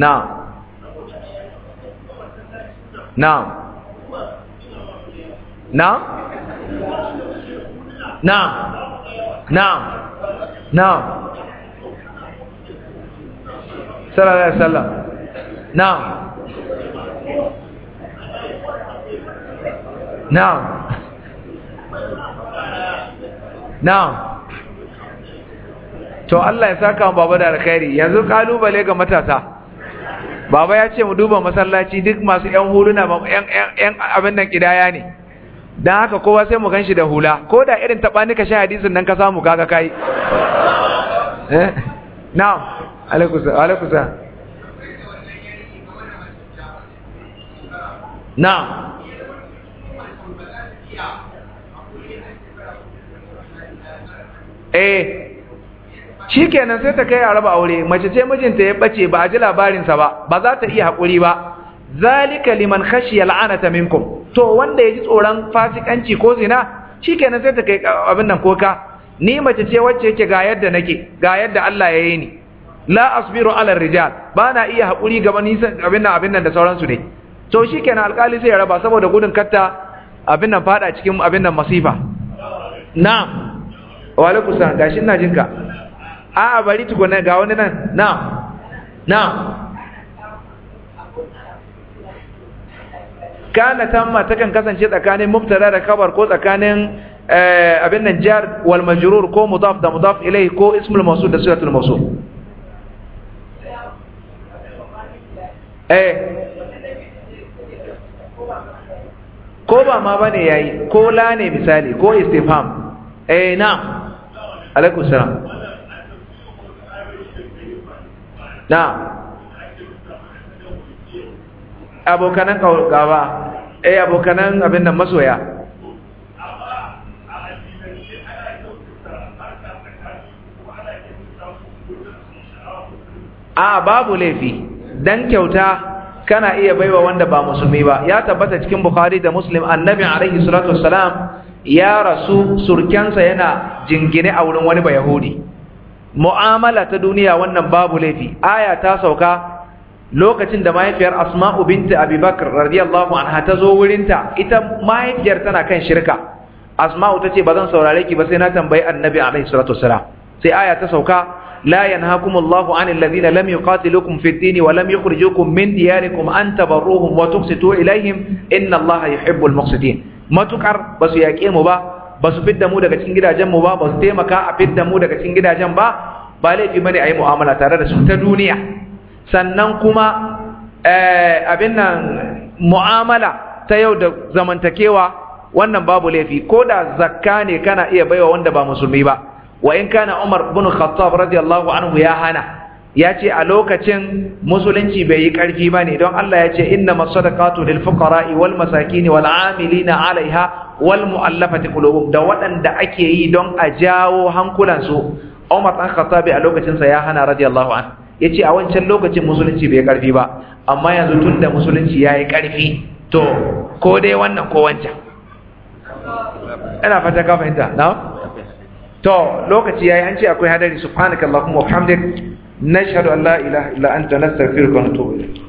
na'am na'am na'am na'am na'am na'am sallallahu alaihi wasallam to Allah ya saka baba da alkhairi yanzu kalubale ga matasa baba ya ce mu duba masallaci duk masu yan huluna yan yan abin nan kidaya ne dan haka kowa sai mu ganshi da hula ko da irin tabanika sha hadisin nan ka samu kaga kai eh na'am alaikusa na eh shi kenan sai ta kai a raba aure mace ce mijinta ya bace ba a ji labarinsa ba ba za ta iya haƙuri ba zalika liman khashiya la'anata minkum to wanda ya ji tsoron fasikanci ko zina shi kenan sai ta kai abin nan koka ni mace ce wacce yake ga yadda nake ga yadda Allah ya yi ni la asbiru ala rijal ba na iya haƙuri gaba nisan abin nan abin nan da sauransu ne to shi kenan alƙali zai raba saboda gudun katta abin nan fada cikin abin nan masifa na'am wa alaikum salam gashi ina jinka a a bari tukuna ga wani nan na'am na'am kana tamma takan kasance tsakanin mubtada da kabar ko tsakanin abin nan jar wal majrur ko mudaf da mudaf ilayhi ko ismul mawsul da silatul mawsul eh ko ba ma bane yayi ko la ne misali ko istifham eh na'am alaikum salam na'am abokanan gaba eh abokanan abin nan masoya a ah, babu laifi dan kyauta kana iya baiwa wanda ba musulmi ba ya tabbata cikin bukhari da muslim annabi alaihi salatu wassalam ya rasu surkensa yana jingine a wurin wani bayahudi mu'amala ta duniya wannan babu laifi aya ta sauka lokacin da mahaifiyar asma'u binti abubakar radiyallahu anha ta zo wurinta ita mahaifiyar tana kan shirka asma'u ta ce ba zan saurare ki ba sai na tambayi annabi alaihi salatu wassalam sai aya ta sauka لا ينهاكم الله عن الذين لم يقاتلوكم في الدين ولم يخرجوكم من دياركم أن تبروهم وتقسطوا إليهم إن الله يحب المقسطين ما تكر بس يكيمو با بس فيد مو دغ cikin gidajen mu ba ba su taimaka a fidda mu daga cikin gidajen ba ba laifi bane a yi mu'amala tare da su ta duniya sannan kuma abin nan mu'amala ta yau da zamantakewa wannan babu laifi ko da zakka ne kana iya baiwa wanda ba musulmi ba wa in kana Umar ibn Khattab radiyallahu anhu ya hana ya ce a lokacin musulunci bai yi ƙarfi ba ne don Allah ya ce inna masadaqatu lil fuqara'i wal masakini wal amilina 'alaiha wal mu'allafati qulubuhum da waɗanda ake yi don a jawo hankulansu Umar ɗan Khattab a lokacin sa ya hana radiyallahu an yace a wancan lokacin musulunci bai ƙarfi ba amma yanzu tunda musulunci yayi ƙarfi to ko dai wannan ko wancan ina fata ka fahimta na'am to lokaci yayi an ce akwai hadari subhanakallahumma wa bihamdik nashhadu an la ilaha illa anta nastaghfiruka wa natubu ilayk